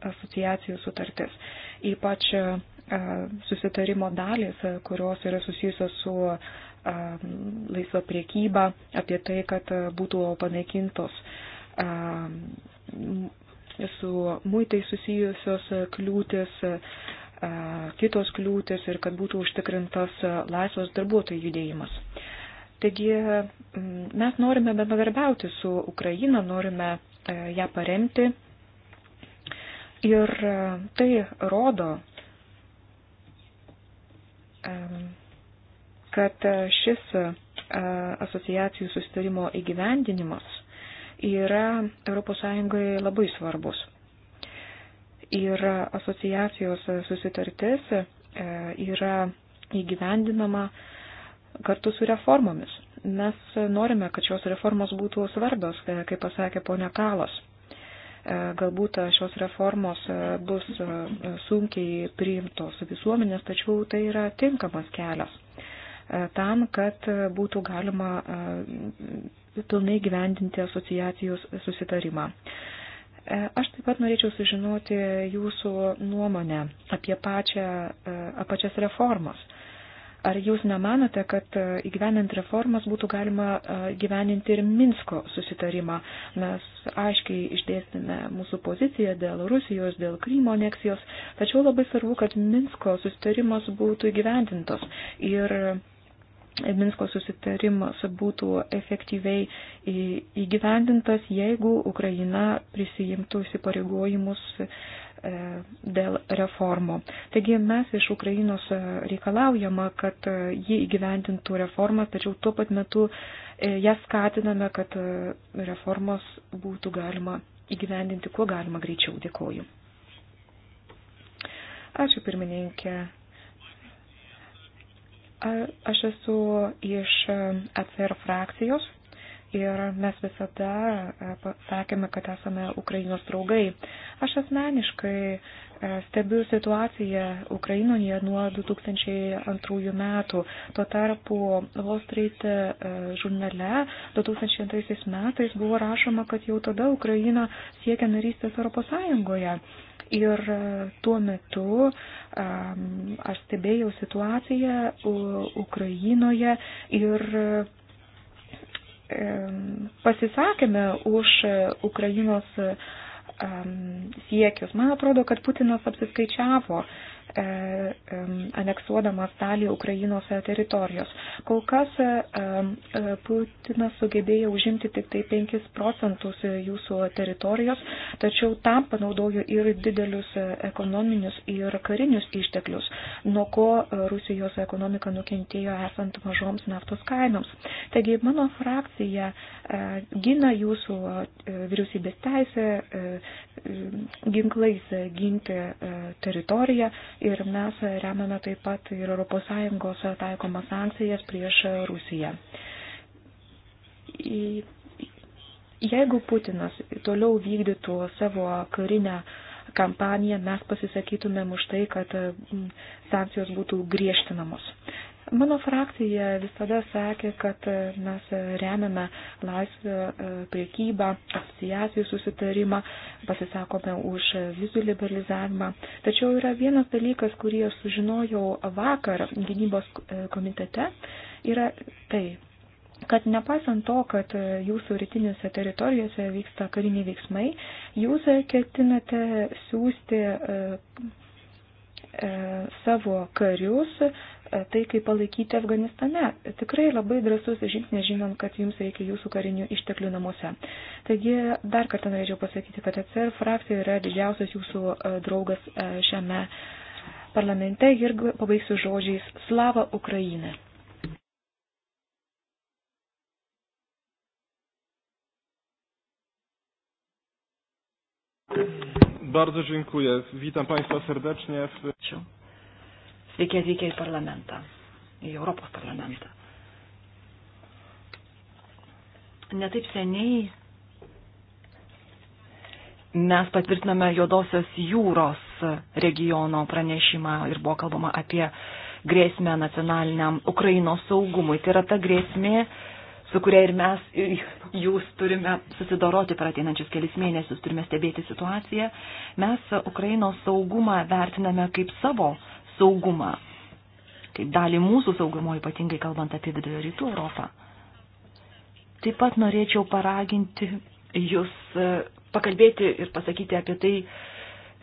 asociacijų sutartis, ypač e, susitarimo dalis, e, kurios yra susijusios su e, laisva priekyba, apie tai, kad būtų panaikintos su muitai susijusios kliūtis, kitos kliūtis ir kad būtų užtikrintas laisvas darbuotojų judėjimas. Taigi mes norime bendradarbiauti su Ukraina, norime ją paremti, Ir e, tai rodo, e, kad šis e, asociacijų sustarimo įgyvendinimas yra ES labai svarbus. Ir asociacijos susitartis yra įgyvendinama kartu su reformomis. Mes norime, kad šios reformos būtų svarbios, kaip pasakė ponia Kalas. E, galbūt šios reformos e, bus e, sunkiai priimtos visuomenės, tačiau tai yra tinkamas kelias tam, kad būtų galima pilnai gyvendinti asociacijos susitarimą. Aš taip pat norėčiau sužinoti jūsų nuomonę apie, pačią, apie pačias reformas Ar jūs nemanote, kad e, įgyvenant reformas būtų galima e, gyveninti ir Minsko susitarimą? Mes aiškiai išdėstėme mūsų poziciją dėl Rusijos, dėl Krymo aneksijos, tačiau labai svarbu, kad Minsko susitarimas būtų įgyvendintos ir e, Minsko susitarimas būtų efektyviai įgyvendintas, jeigu Ukraina prisijimtų įsipareigojimus E, dėl reformų. Taigi mes iš Ukrainos e, reikalaujama, kad e, ji įgyvendintų reformas, tačiau tuo pat metu ją skatiname, kad reformos būtų galima įgyvendinti kuo galima greičiau. Dėkoju. Ačiū pirmininkė. Aš esu iš ACR frakcijos Ir mes visada e, sakėme, kad esame Ukrainos draugai. Aš asmeniškai e, stebiu situaciją Ukrainoje nuo 2002 metų. Tuo tarpu Wall Street e, žurnale 2002 metais buvo rašoma, kad jau tada Ukraina siekia narystės Europos Sąjungoje. Ir tuo metu aš stebėjau situaciją Ukrainoje ir pasisakėme už e, Ukrainos siekius. Man atrodo, kad Putinas apsiskaičiavo E, e, aneksuodamas dalį Ukrainos teritorijos. Kol kas e, Putinas sugebėjo užimti tik tai 5 procentus jūsų teritorijos, tačiau tam panaudojo ir didelius ekonominius ir karinius išteklius, nuo ko Rusijos ekonomika nukentėjo esant mažoms naftos kainoms. Taigi mano frakcija gina jūsų vyriausybės teisę ginklais ginti teritoriją, Ir mes remiame taip pat ir ES taikomas sankcijas prieš Rusiją. Jeigu Putinas toliau vykdytų savo karinę kampaniją, mes pasisakytumėm už tai, kad mm, sankcijos būtų griežtinamos. Mano frakcija visada sakė, kad mes remiame laisvę e, priekybą, asociacijų susitarimą, pasisakome už vizų liberalizavimą. Tačiau yra vienas dalykas, kurį aš sužinojau vakar gynybos e, komitete, yra tai, kad nepaisant to, kad jūsų rytinėse teritorijose vyksta kariniai veiksmai, jūs ketinate siūsti e, savo karius tai, kaip palaikyti Afganistane. Tikrai labai drasus žingsnis, žinant, kad jums reikia jūsų karinių išteklių namuose. Taigi, dar kartą norėčiau pasakyti, kad ECR frakcija yra didžiausias jūsų e, draugas e, šiame parlamente ir pabaigsiu žodžiais Slava Ukraina. Bardzo dziękuję. Witam Państwa serdecznie. W... Sveiki atvykę į parlamentą, į Europos parlamentą. Netaip seniai mes patvirtiname Jodosios jūros regiono pranešimą ir buvo kalbama apie grėsmę nacionaliniam Ukrainos saugumui. Tai yra ta grėsmė, su kuria ir mes, ir jūs turime susidoroti per ateinančius kelis mėnesius, turime stebėti situaciją. Mes Ukrainos saugumą vertiname kaip savo saugumą, kaip dalį mūsų saugumo, ypatingai kalbant apie vidurio rytų Europą. Taip pat norėčiau paraginti jūs e, pakalbėti ir pasakyti apie tai,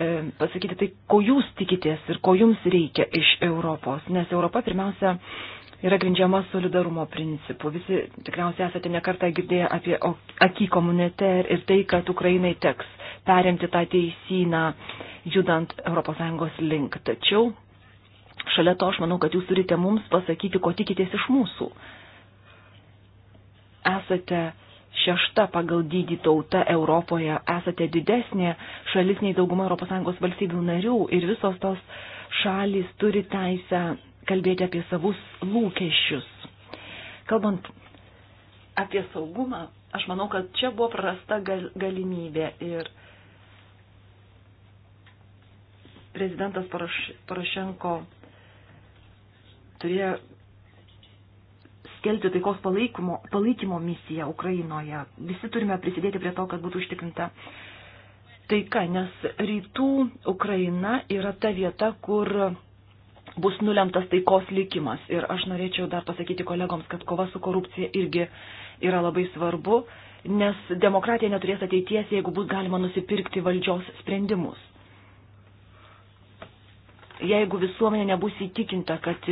e, pasakyti tai, ko jūs tikitės ir ko jums reikia iš Europos, nes Europa pirmiausia yra grindžiama solidarumo principu. Visi tikriausiai esate nekartą girdėję apie akį komuniter ir tai, kad Ukrainai teks perimti tą teisyną judant ES link. Tačiau šalia to aš manau, kad jūs turite mums pasakyti, ko tikitės iš mūsų. Esate šešta pagal dydį tauta Europoje, esate didesnė šalis nei dauguma ES valstybių narių ir visos tos šalis turi teisę kalbėti apie savus lūkesčius. Kalbant apie saugumą, aš manau, kad čia buvo prarasta gal, galimybė ir prezidentas Parašenko turėjo skelbti taikos palaikymo, palaikymo misiją Ukrainoje. Visi turime prisidėti prie to, kad būtų užtikrinta taika, nes rytų Ukraina yra ta vieta, kur bus nulemtas taikos likimas. Ir aš norėčiau dar pasakyti kolegoms, kad kova su korupcija irgi yra labai svarbu, nes demokratija neturės ateities, jeigu bus galima nusipirkti valdžios sprendimus jeigu visuomenė nebus įtikinta, kad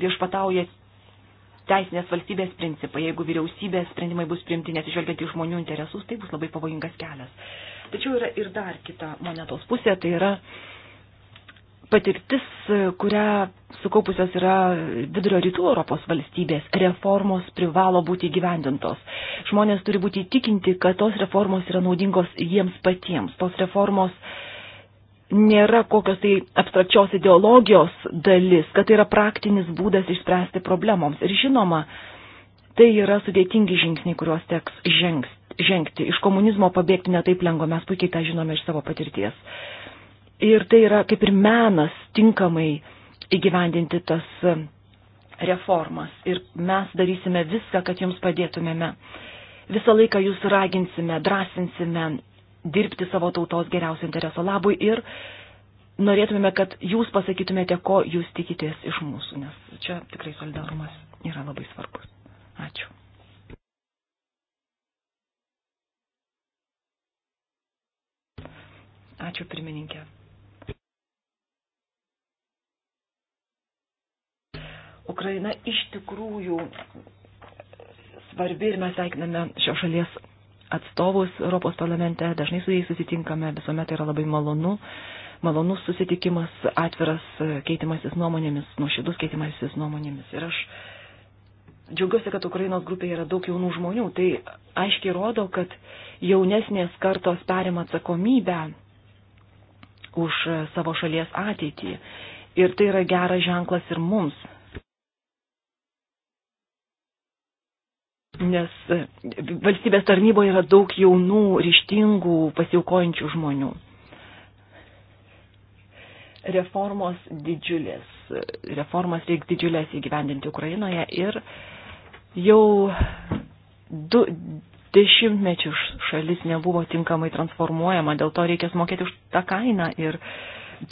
viešpatauja teisinės valstybės principai, jeigu vyriausybės sprendimai bus priimti nesižvelgiant į žmonių interesus, tai bus labai pavojingas kelias. Tačiau yra ir dar kita monetos pusė, tai yra patirtis, kurią sukaupusios yra vidurio rytų Europos valstybės. Reformos privalo būti gyvendintos. Žmonės turi būti įtikinti, kad tos reformos yra naudingos jiems patiems. Tos reformos uh, nėra kokios tai abstrakčios ideologijos dalis, kad tai yra praktinis būdas išspręsti problemoms. Ir žinoma, tai yra sudėtingi žingsniai, kuriuos teks žengs, žengti. Iš komunizmo pabėgti netaip lengva, mes puikiai tą žinome iš savo patirties. Ir tai yra kaip ir menas tinkamai įgyvendinti tas um, reformas. Ir mes darysime viską, kad jums padėtumėme. Visą laiką jūs raginsime, drąsinsime, dirbti savo tautos geriausio intereso labui ir norėtumėme, kad jūs pasakytumėte, ko jūs tikitės iš mūsų, nes čia tikrai solidarumas yra labai svarbus. Ačiū. Ačiū pirmininkė. Ukraina iš tikrųjų svarbi ir mes sveikiname šios šalies atstovus Europos parlamente, dažnai su jais susitinkame, visuomet yra labai malonu. Malonus susitikimas, atviras keitimasis nuomonėmis, nuošidus keitimasis nuomonėmis. Ir aš džiaugiuosi, kad Ukrainos grupėje yra daug jaunų žmonių. Tai aiškiai rodo, kad jaunesnės kartos perima atsakomybę už savo šalies ateitį. Ir tai yra geras ženklas ir mums, nes e, valstybės tarnyboje yra daug jaunų, ryštingų, pasiaukojančių žmonių. Reformos didžiulės, reformas reikia didžiulės įgyvendinti Ukrainoje ir jau du dešimtmečius šalis nebuvo tinkamai transformuojama, dėl to reikės mokėti už tą kainą ir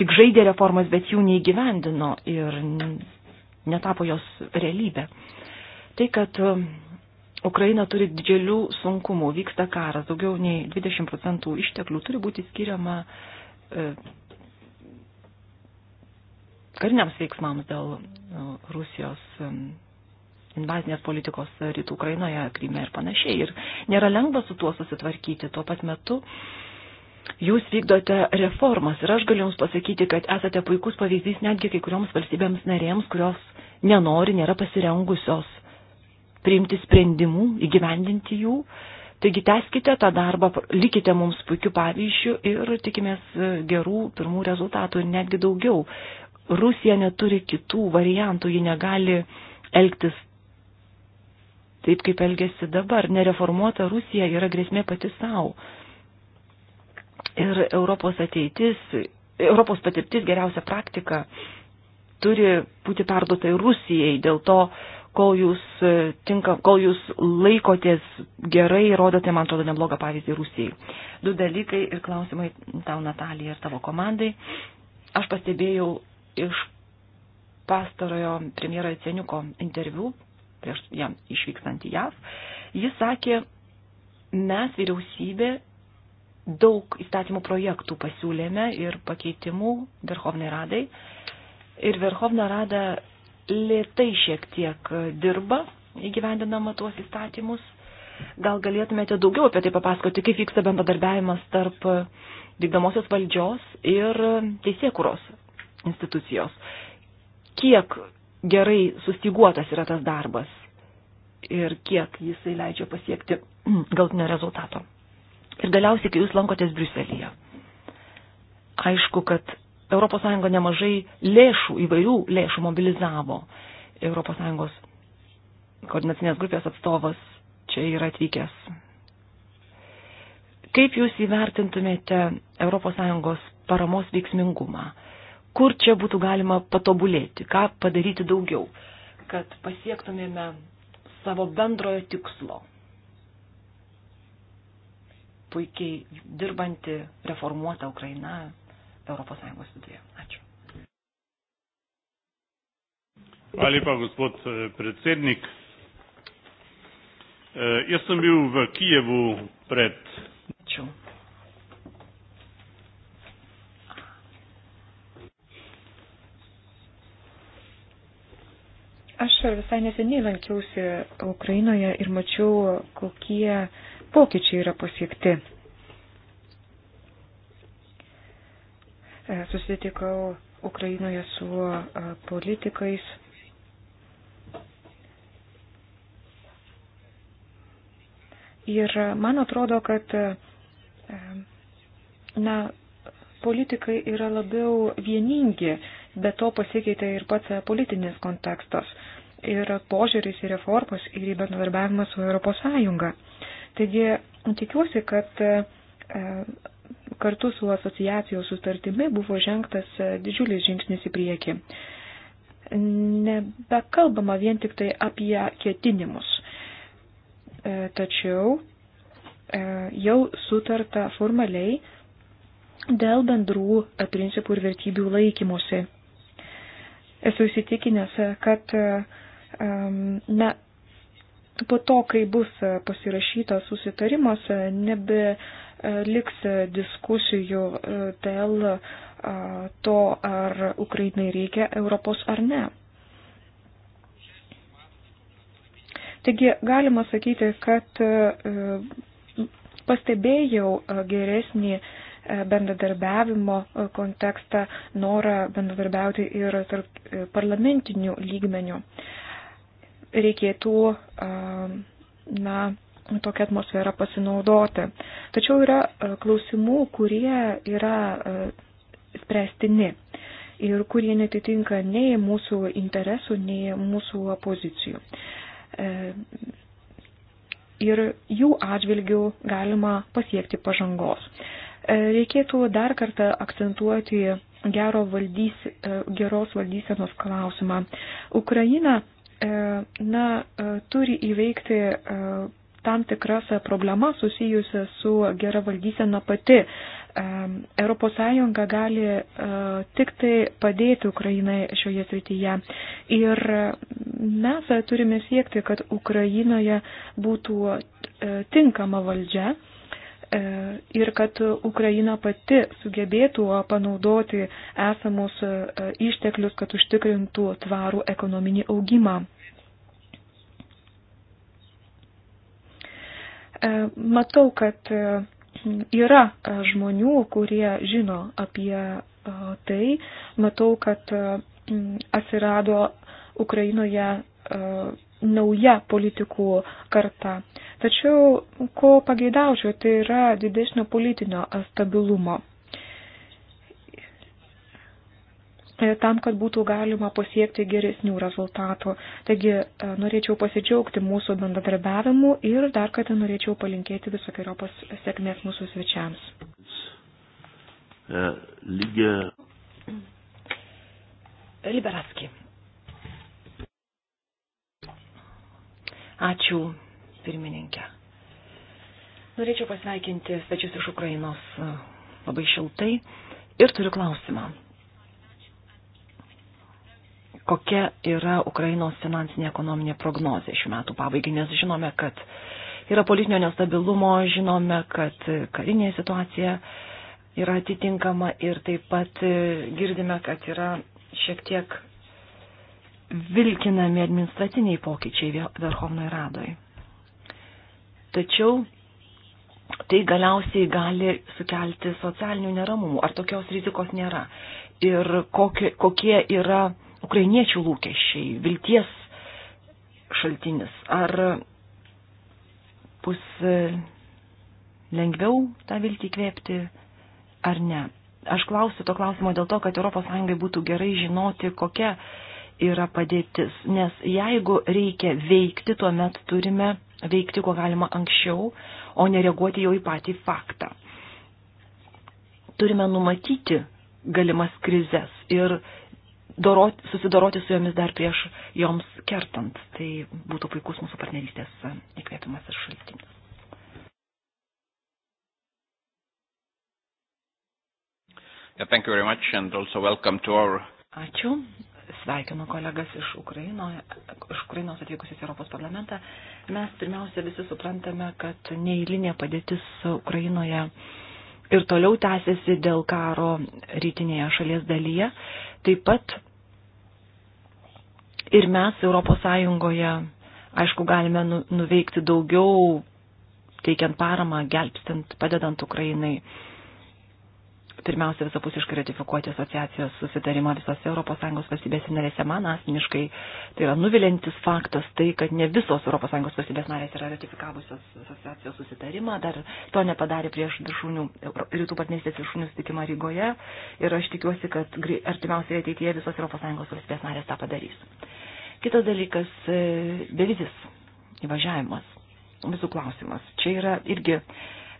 tik žaidė reformas, bet jų neįgyvendino ir netapo jos realybė. Tai, kad Ukraina turi didelių sunkumų, vyksta karas, daugiau nei 20 procentų išteklių turi būti skiriama e, kariniams veiksmams dėl e, Rusijos e, invazinės politikos rytų Ukrainoje, Kryme ir panašiai. Ir nėra lengva su tuo susitvarkyti. Tuo pat metu jūs vykdote reformas ir aš galiu jums pasakyti, kad esate puikus pavyzdys netgi kai kurioms valstybėms narėms, kurios nenori, nėra pasirengusios priimti sprendimų, įgyvendinti jų. Taigi teskite tą darbą, likite mums puikių pavyzdžių ir tikimės e, gerų pirmų rezultatų ir netgi daugiau. Rusija neturi kitų variantų, ji negali elgtis taip, kaip elgesi dabar. Nereformuota Rusija yra grėsmė pati savo. Ir Europos ateitis, Europos patirtis, geriausia praktika turi būti perduota ir Rusijai. Dėl to kol jūs, e, tinka, kol jūs laikotės gerai ir rodote, man atrodo, neblogą pavyzdį Rusijai. Du dalykai ir klausimai tau, Natalija, ir tavo komandai. Aš pastebėjau iš pastarojo premjero Ceniuko interviu, prieš jam išvykstant į JAV, jis sakė, mes vyriausybė daug įstatymų projektų pasiūlėme ir pakeitimų Verhovnai Radai. Ir Verhovna Rada lėtai šiek tiek dirba įgyvendinama tuos įstatymus. Gal galėtumėte daugiau apie tai papasakoti, kaip vyksta bendradarbiavimas tarp vykdomosios valdžios ir teisėkuros institucijos. Kiek gerai sustiguotas yra tas darbas ir kiek jisai leidžia pasiekti galtinio rezultato. Ir galiausiai, kai jūs lankotės Briuselėje, aišku, kad ES nemažai lėšų, įvairių lėšų mobilizavo. ES koordinacinės grupės atstovas čia yra atvykęs. Kaip jūs įvertintumėte ES paramos veiksmingumą? Kur čia būtų galima patobulėti? Ką padaryti daugiau, kad pasiektumėme savo bendrojo tikslo? Puikiai dirbanti, reformuota Ukraina, ES viduje. Ačiū. Hvala lepa, gospod eh, predsednik. Eh, jaz sem bil v Kijevu pred. Ačiū. Aš visai neseniai lankiausi Ukrainoje ir mačiau, kokie pokyčiai yra pasiekti. E, susitikau Ukrainoje su e, politikais. Ir man atrodo, kad e, na, politikai yra labiau vieningi, bet to pasikeitė ir pats politinis kontekstas ir požiūris į reformas ir į bendradarbiavimą su ES. Taigi tikiuosi, kad kartu su asociacijos sutartimi buvo žengtas e, didžiulis žingsnis į priekį. Nebekalbama vien tik tai apie ketinimus, e, tačiau e, jau sutarta formaliai dėl bendrų principų ir vertybių laikymosi. Esu įsitikinęs, kad na, po to, kai bus e, pasirašytas susitarimas, e, nebe liks e, diskusijų dėl to, ar Ukrainai reikia Europos ar ne. Taigi galima sakyti, kad pastebėjau geresnį bendradarbiavimo kontekstą, norą bendradarbiauti ir tarp parlamentinių lygmenių reikėtų na, tokią atmosferą pasinaudoti. Tačiau yra klausimų, kurie yra spręstini ir kurie netitinka nei mūsų interesų, nei mūsų pozicijų. E, ir jų atžvilgių galima pasiekti pažangos. E, reikėtų dar kartą akcentuoti gero valdys, e, geros valdysenos klausimą. Ukraina E, na, e, turi įveikti e, tam tikras problemas susijusias su gera valdysena pati. ES gali tik tai padėti Ukrainai šioje srityje. Ir mes turime siekti, kad Ukrainoje būtų tinkama valdžia ir kad Ukraina pati sugebėtų panaudoti esamus išteklius, kad užtikrintų tvarų ekonominį augimą. E, matau, kad e, yra e, žmonių, kurie žino apie tai. Matau, kad atsirado Ukrainoje nauja politikų karta. Tačiau, ko pageidaučiau, tai yra didesnio politinio stabilumo. E, tam, kad būtų galima pasiekti geresnių rezultatų. Taigi e, norėčiau pasidžiaugti mūsų bendradarbiavimu ir dar kartą norėčiau palinkėti visokiojopas sėkmės mūsų svečiams. E, Lygia. Liberatski. Ačiū, pirmininkė. Norėčiau pasveikinti svečius iš Ukrainos labai šiltai ir turiu klausimą kokia yra Ukrainos finansinė ekonominė prognozė šių metų pabaigai, nes žinome, kad yra politinio nestabilumo, žinome, kad karinė situacija yra atitinkama ir taip pat girdime, kad yra šiek tiek vilkinami administraciniai pokyčiai Verhovnoj Radoj. Tačiau tai galiausiai gali sukelti socialinių neramumų, ar tokios rizikos nėra. Ir kokie, kokie yra ukrainiečių lūkesčiai, vilties šaltinis. Ar bus e, lengviau tą viltį kvėpti ar ne? Aš klausiu to klausimo dėl to, kad ES būtų gerai žinoti, kokia yra padėtis. Nes jeigu reikia veikti, tuomet turime veikti, kuo galima anksčiau, o nereaguoti jau į patį faktą. Turime numatyti galimas krizės ir dorot, susidoroti su jomis dar prieš joms kertant. Tai būtų puikus mūsų partnerystės įkvėpimas ir šaltinis. Yeah, thank you very much and also welcome to our... Ačiū. Sveikinu kolegas iš, Ukraino, iš Ukrainos atvykusius į Europos parlamentą. Mes pirmiausia visi suprantame, kad neįlinė padėtis Ukrainoje ir toliau tęsiasi dėl karo rytinėje šalies dalyje. Taip pat ir mes ES, aišku, galime nu, nuveikti daugiau, teikiant paramą, gelbstint, padedant Ukrainai pirmiausia visapusiškai ratifikuoti asociacijos susitarimą visose ES valstybėse narėse. Man asmeniškai tai yra nuvilintis faktas tai, kad ne visos ES valstybės narės yra ratifikavusios asociacijos susitarimą, dar to nepadarė prieš viršūnių, rytų partnerystės viršūnių sutikimą Rygoje ir aš tikiuosi, kad artimiausiai ateityje visos ES valstybės narės tą padarys. Kitas dalykas e, - bevizis įvažiavimas, visų klausimas. Čia yra irgi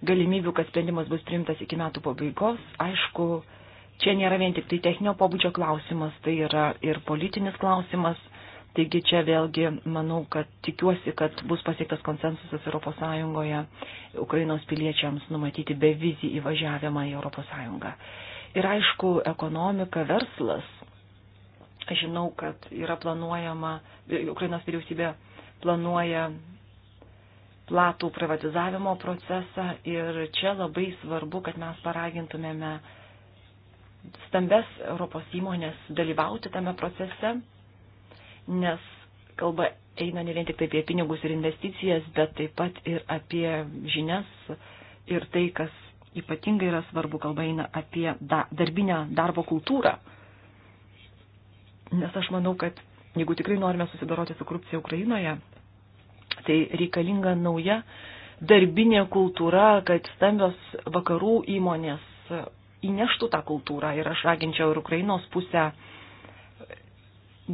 galimybių, kad sprendimas bus priimtas iki metų pabaigos. Aišku, čia nėra vien tik tai techninio pobūdžio klausimas, tai yra ir politinis klausimas. Taigi čia vėlgi manau, kad tikiuosi, kad bus pasiektas konsensusas ES Ukrainos piliečiams numatyti bevizį įvažiavimą į ES. Ir aišku, ekonomika, verslas. Aš žinau, kad yra planuojama, Ukrainos vyriausybė planuoja platų privatizavimo procesą ir čia labai svarbu, kad mes paragintumėme stambes Europos įmonės dalyvauti tame procese, nes kalba eina ne vien tik apie pinigus ir investicijas, bet taip pat ir apie žinias ir tai, kas ypatingai yra svarbu, kalba eina apie da, darbinę darbo kultūrą. Nes aš manau, kad jeigu tikrai norime susidoroti su korupcija Ukrainoje, Tai reikalinga nauja darbinė kultūra, kad stambios vakarų įmonės įneštų tą kultūrą ir aš raginčiau ir Ukrainos pusę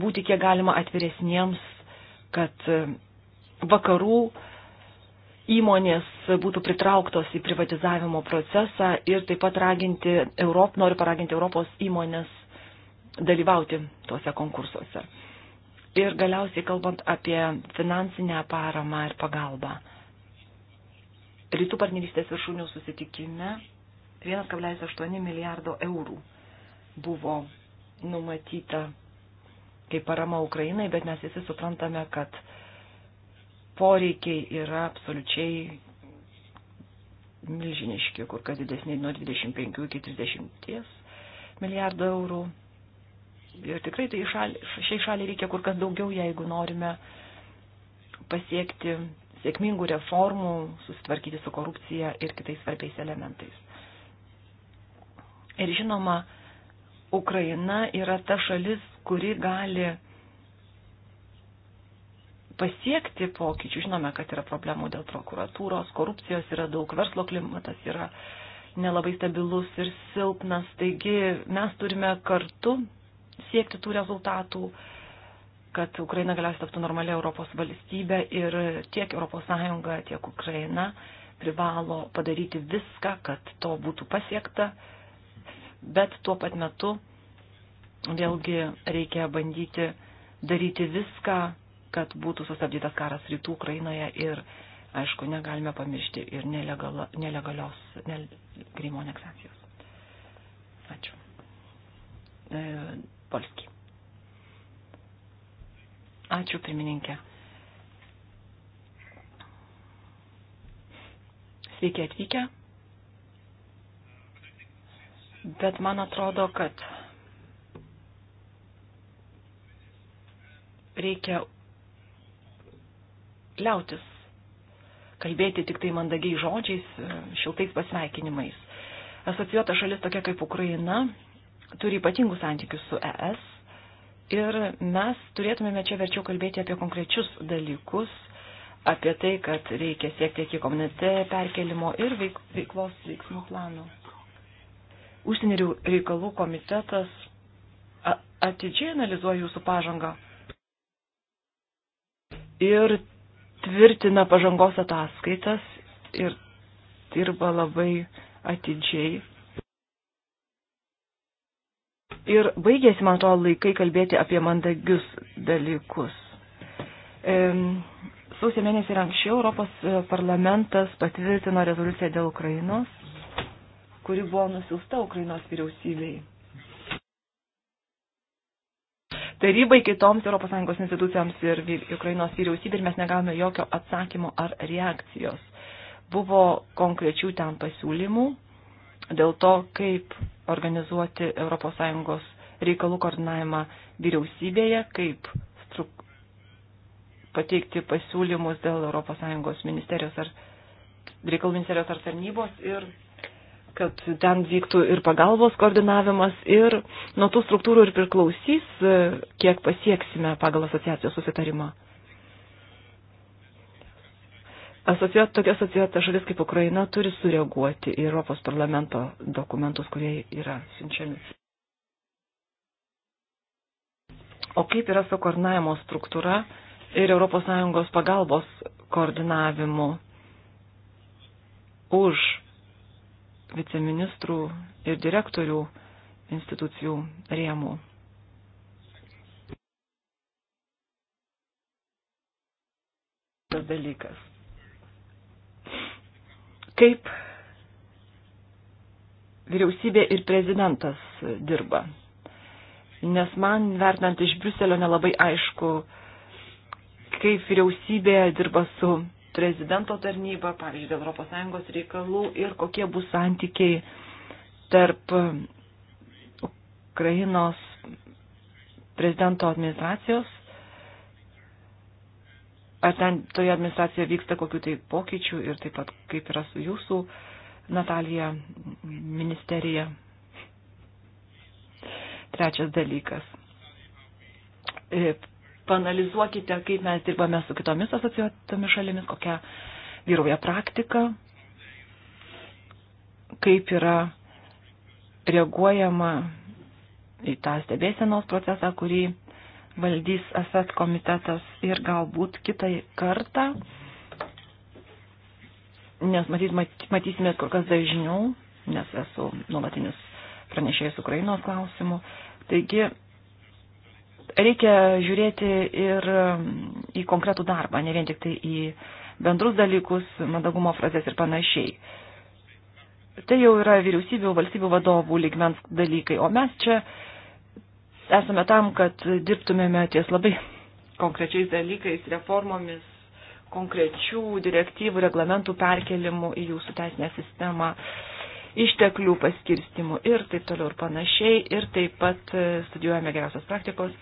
būti kiek galima atviresniems, kad vakarų įmonės būtų pritrauktos į privatizavimo procesą ir taip pat raginti Europ, noriu paraginti Europos įmonės dalyvauti tuose konkursuose. Ir galiausiai kalbant apie finansinę paramą ir pagalbą. Rytų partnerystės viršūnių susitikime 1,8 milijardo eurų buvo numatyta kaip parama Ukrainai, bet mes visi suprantame, kad poreikiai yra absoliučiai milžiniški, kur kas didesni nuo 25 iki 30 milijardų eurų. Ir tikrai tai šal, šiai šaliai reikia kur kas daugiau, jeigu norime pasiekti sėkmingų reformų, susitvarkyti su korupcija ir kitais svarbiais elementais. Ir žinoma, Ukraina yra ta šalis, kuri gali pasiekti pokyčių. Žinome, kad yra problemų dėl prokuratūros, korupcijos yra daug, verslo klimatas yra nelabai stabilus ir silpnas. Taigi mes turime kartu siekti tų rezultatų, kad Ukraina galiausiai taptų normaliai Europos valstybė ir tiek ES, tiek Ukraina privalo padaryti viską, kad to būtų pasiekta, bet tuo pat metu vėlgi reikia bandyti daryti viską, kad būtų sustabdytas karas rytų Ukrainoje ir, aišku, negalime pamiršti ir nelegala, nelegalios ne, Krymo aneksacijos. Ačiū. E, Polski. Ačiū, pirmininkė. Sveiki atvykę. Bet man atrodo, kad reikia liautis kalbėti tik tai mandagiai žodžiais, šiltais pasveikinimais. Asociuota šalis tokia kaip Ukraina turi ypatingus santykius su ES ir mes turėtumėme čia verčiau kalbėti apie konkrečius dalykus, apie tai, kad reikia siekti iki komunite perkelimo ir veiklos veiksmų plano. Užsienio reikalų komitetas atidžiai analizuoja jūsų pažangą ir tvirtina pažangos ataskaitas ir dirba labai atidžiai Ir baigėsi, man atrodo, laikai kalbėti apie mandagius dalykus. E, Sausio mėnesį ir anksčiau Europos parlamentas patvirtino rezoliuciją dėl Ukrainos, kuri buvo nusiusta Ukrainos vyriausybei. Tarybai kitoms ES institucijoms ir Ukrainos vyriausybė ir mes negavome jokio atsakymo ar reakcijos. Buvo konkrečių ten pasiūlymų dėl to, kaip organizuoti ES reikalų koordinavimą vyriausybėje, kaip struk... pateikti pasiūlymus dėl ES ministerijos ar reikalų ministerijos ar tarnybos ir kad ten vyktų ir pagalbos koordinavimas ir nuo tų struktūrų ir priklausys, kiek pasieksime pagal asociacijos susitarimą asociuot, tokia asociuota šalis kaip Ukraina turi sureaguoti į Europos parlamento dokumentus, kurie yra siunčiami. O kaip yra su koordinavimo struktūra ir ES pagalbos koordinavimu už viceministrų ir direktorių institucijų rėmų? Tas dalykas. Kaip vyriausybė ir prezidentas dirba? Nes man, vertinant iš Briuselio, nelabai aišku, kaip vyriausybė dirba su prezidento tarnyba, pavyzdžiui, dėl ES reikalų ir kokie bus santykiai tarp Ukrainos prezidento administracijos ar ten toje administracijoje vyksta kokiu tai pokyčių ir taip pat kaip yra su jūsų, Natalija, ministerija. Trečias dalykas. E, panalizuokite, kaip mes dirbame su kitomis asociuotomis šalimis, kokia vyrauja praktika, kaip yra reaguojama į tą stebėsenos procesą, kurį valdys AFET komitetas ir galbūt kitai kartą, nes matys, matysime kur kas dažniau, nes esu nuolatinis pranešėjas Ukrainos klausimų. Taigi reikia žiūrėti ir um, į konkretų darbą, ne vien tik tai į bendrus dalykus, mandagumo frazės ir panašiai. Tai jau yra vyriausybių, valstybių vadovų lygmens dalykai, o mes čia uh, esame tam, kad dirbtumėme ties labai konkrečiais dalykais, reformomis, konkrečių direktyvų, reglamentų perkelimų į jūsų teisinę sistemą, išteklių paskirstimų ir taip toliau ir panašiai. Ir taip pat e, studijuojame geriausios praktikos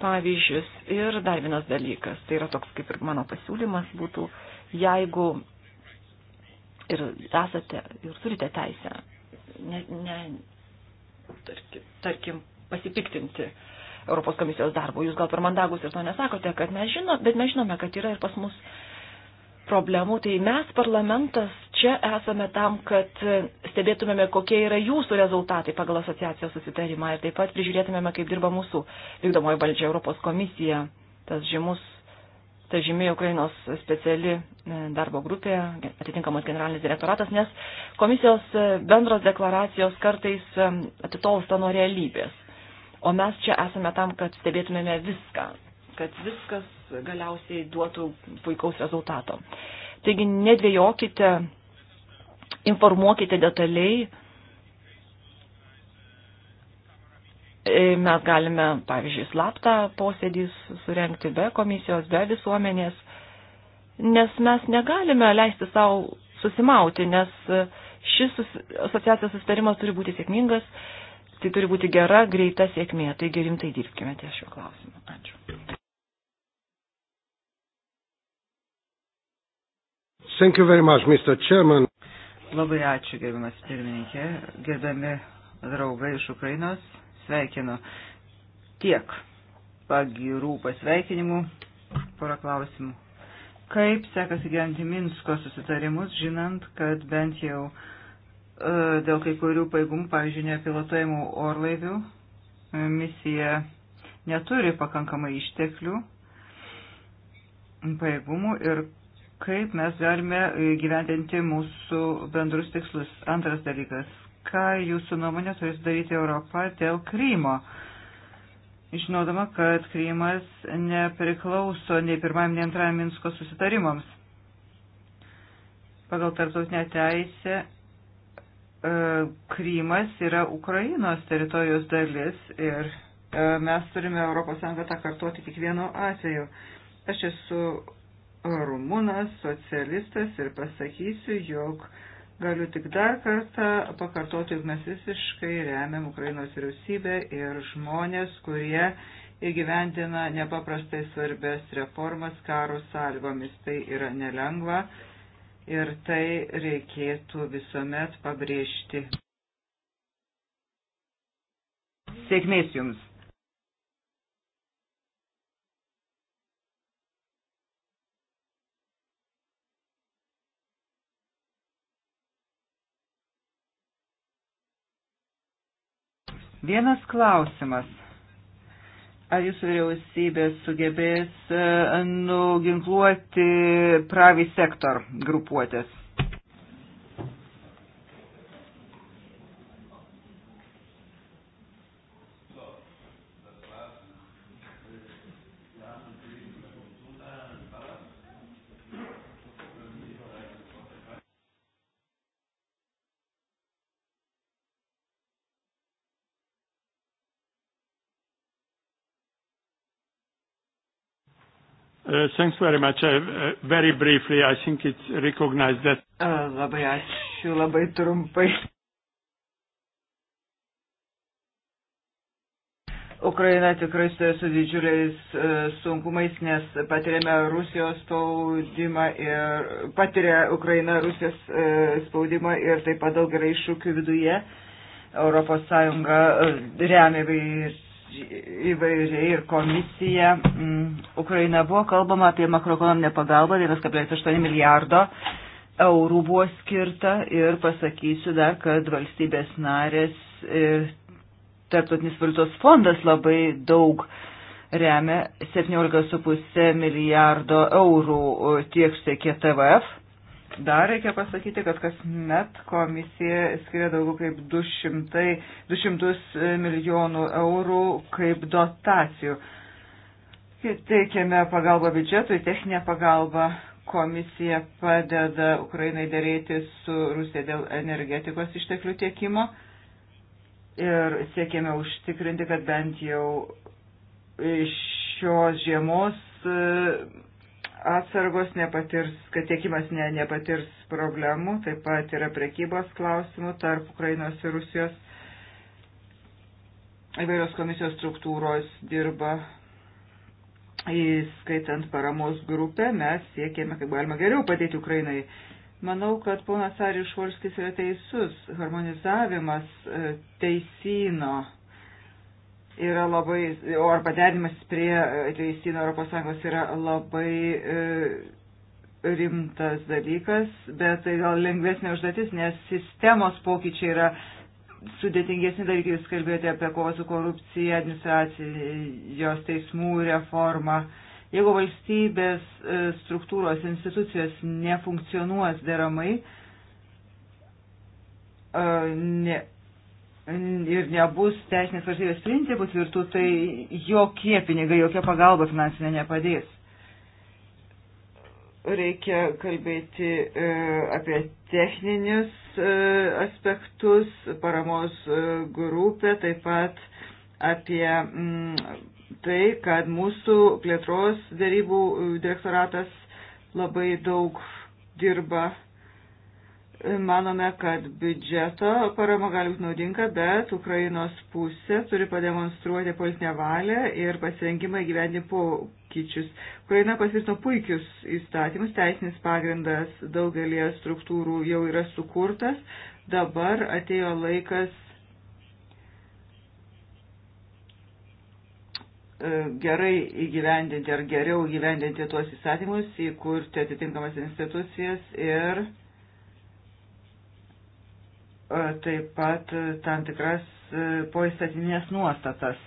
pavyzdžius. Ir dar vienas dalykas, tai yra toks kaip ir mano pasiūlymas būtų, jeigu ir esate ir turite teisę, ne, ne, tarkim, tarkim pasipiktinti Europos komisijos darbu. Jūs gal per mandagus ir to nesakote, kad mes žinome, bet mes žinome, kad yra ir pas mus problemų, tai mes parlamentas čia esame tam, kad stebėtumėme, kokie yra jūsų rezultatai pagal asociacijos susitarimą ir taip pat prižiūrėtumėme, kaip dirba mūsų vykdomoji valdžia Europos komisija, tas žymus, ta žymi Ukrainos speciali e, darbo grupė, atitinkamas generalinis direktoratas, nes komisijos e, bendros deklaracijos kartais e, atitolsta nuo realybės. O mes čia esame tam, kad stebėtumėme viską, kad viskas galiausiai duotų puikaus rezultato. Taigi nedvėjokite, informuokite detaliai. E, mes galime, pavyzdžiui, slaptą posėdį surenkti be komisijos, be visuomenės, nes mes negalime leisti savo susimauti, nes šis asociacijos sustarimas turi būti sėkmingas tai turi būti gera, greita sėkmė. Taigi rimtai dirbkime ties šiuo klausimu. Ačiū. Thank you very much, Mr. Chairman. Labai ačiū, gerbiamas pirmininkė, gerbiami draugai iš Ukrainos. Sveikinu tiek pagirų pasveikinimų, porą klausimų. Kaip sekasi gyventi Minsko susitarimus, žinant, kad bent jau uh, E, dėl kai kurių paėgumų, pavyzdžiui, nepilotuojamų orlaivių. E, misija neturi pakankamai išteklių paėgumų ir kaip mes galime gyventinti mūsų bendrus tikslus. Antras dalykas, ką jūsų nuomonė turės daryti Europa dėl Krymo? Žinodama, kad Krymas nepriklauso nei pirmajam, nei antrajam Minsko susitarimams. Pagal tarptautinę teisę E, Krymas yra Ukrainos teritorijos dalis ir e, mes turime ES tą kartuoti kiekvienu atveju. Aš esu rumunas, socialistas ir pasakysiu, jog galiu tik dar kartą pakartoti, jog mes visiškai remiam Ukrainos vyriausybę ir žmonės, kurie įgyvendina nepaprastai svarbės reformas karo sąlygomis. Tai yra nelengva ir tai reikėtų visuomet pabrėžti. Sėkmės jums! Vienas klausimas. Ar jūsų vyriausybė sugebės e, nuginkluoti pravi sektor grupuotės? Uh, thanks very much. Uh, very briefly, I think it's recognized that. Uh, labai ačiū, labai trumpai. Ukraina tikrai stoja su didžiuliais uh, sunkumais, nes patiriame Rusijos spaudimą ir patiria Ukraina Rusijos uh, spaudimą ir taip pat daug yra iššūkių viduje. Europos Sąjunga uh, remia įvairiai ir komisija. Mm, Ukraina buvo kalbama apie makroekonominę pagalbą, 1,8 tai milijardo eurų buvo skirta ir pasakysiu dar, kad valstybės narės ir Tarptautinis valiutos fondas labai daug remia 17,5 milijardo eurų tiek siekia TVF Dar reikia pasakyti, kad kasmet komisija skiria daugiau kaip 200, 200 e, milijonų eurų kaip dotacijų. Teikiame pagalbą biudžetui, techninę pagalbą. Komisija padeda Ukrainai dėrėti su Rusija dėl energetikos išteklių tiekimo ir siekėme užtikrinti, kad bent jau šios žiemos e, atsargos nepatirs, kad tiekimas ne, nepatirs problemų, taip pat yra prekybos klausimų tarp Ukrainos ir Rusijos. Įvairios komisijos struktūros dirba įskaitant paramos grupę, mes siekėme, kaip galima geriau padėti Ukrainai. Manau, kad ponas Arius Švolskis yra teisus. Harmonizavimas e, teisino yra labai, o arba derimas prie teisino e, ES yra labai e, rimtas dalykas, bet tai gal lengvesnė užduotis, nes sistemos pokyčiai yra sudėtingesni dalykai, jūs kalbėjote apie kovą su korupcija, administracijos teismų reformą. Jeigu valstybės e, struktūros institucijos nefunkcionuos deramai, e, ne, ir nebus teisinės valstybės principų tvirtų, tai jokie pinigai, jokia pagalba finansinė nepadės. Reikia kalbėti e, apie techninius e, aspektus, paramos e, grupę, taip pat apie m, mm, tai, kad mūsų plėtros dėrybų e, direktoratas labai daug dirba Manome, kad biudžeto parama gali būti naudinga, bet Ukrainos pusė turi pademonstruoti politinę valią ir pasirengimą įgyvendinti pokyčius. Ukraina pasvirtino puikius įstatymus, teisinis pagrindas daugelį struktūrų jau yra sukurtas, dabar atėjo laikas e, gerai įgyvendinti ar geriau įgyvendinti tuos įstatymus, įkurti atitinkamas institucijas ir E, taip pat e, tam tikras e, poįstatinės nuostatas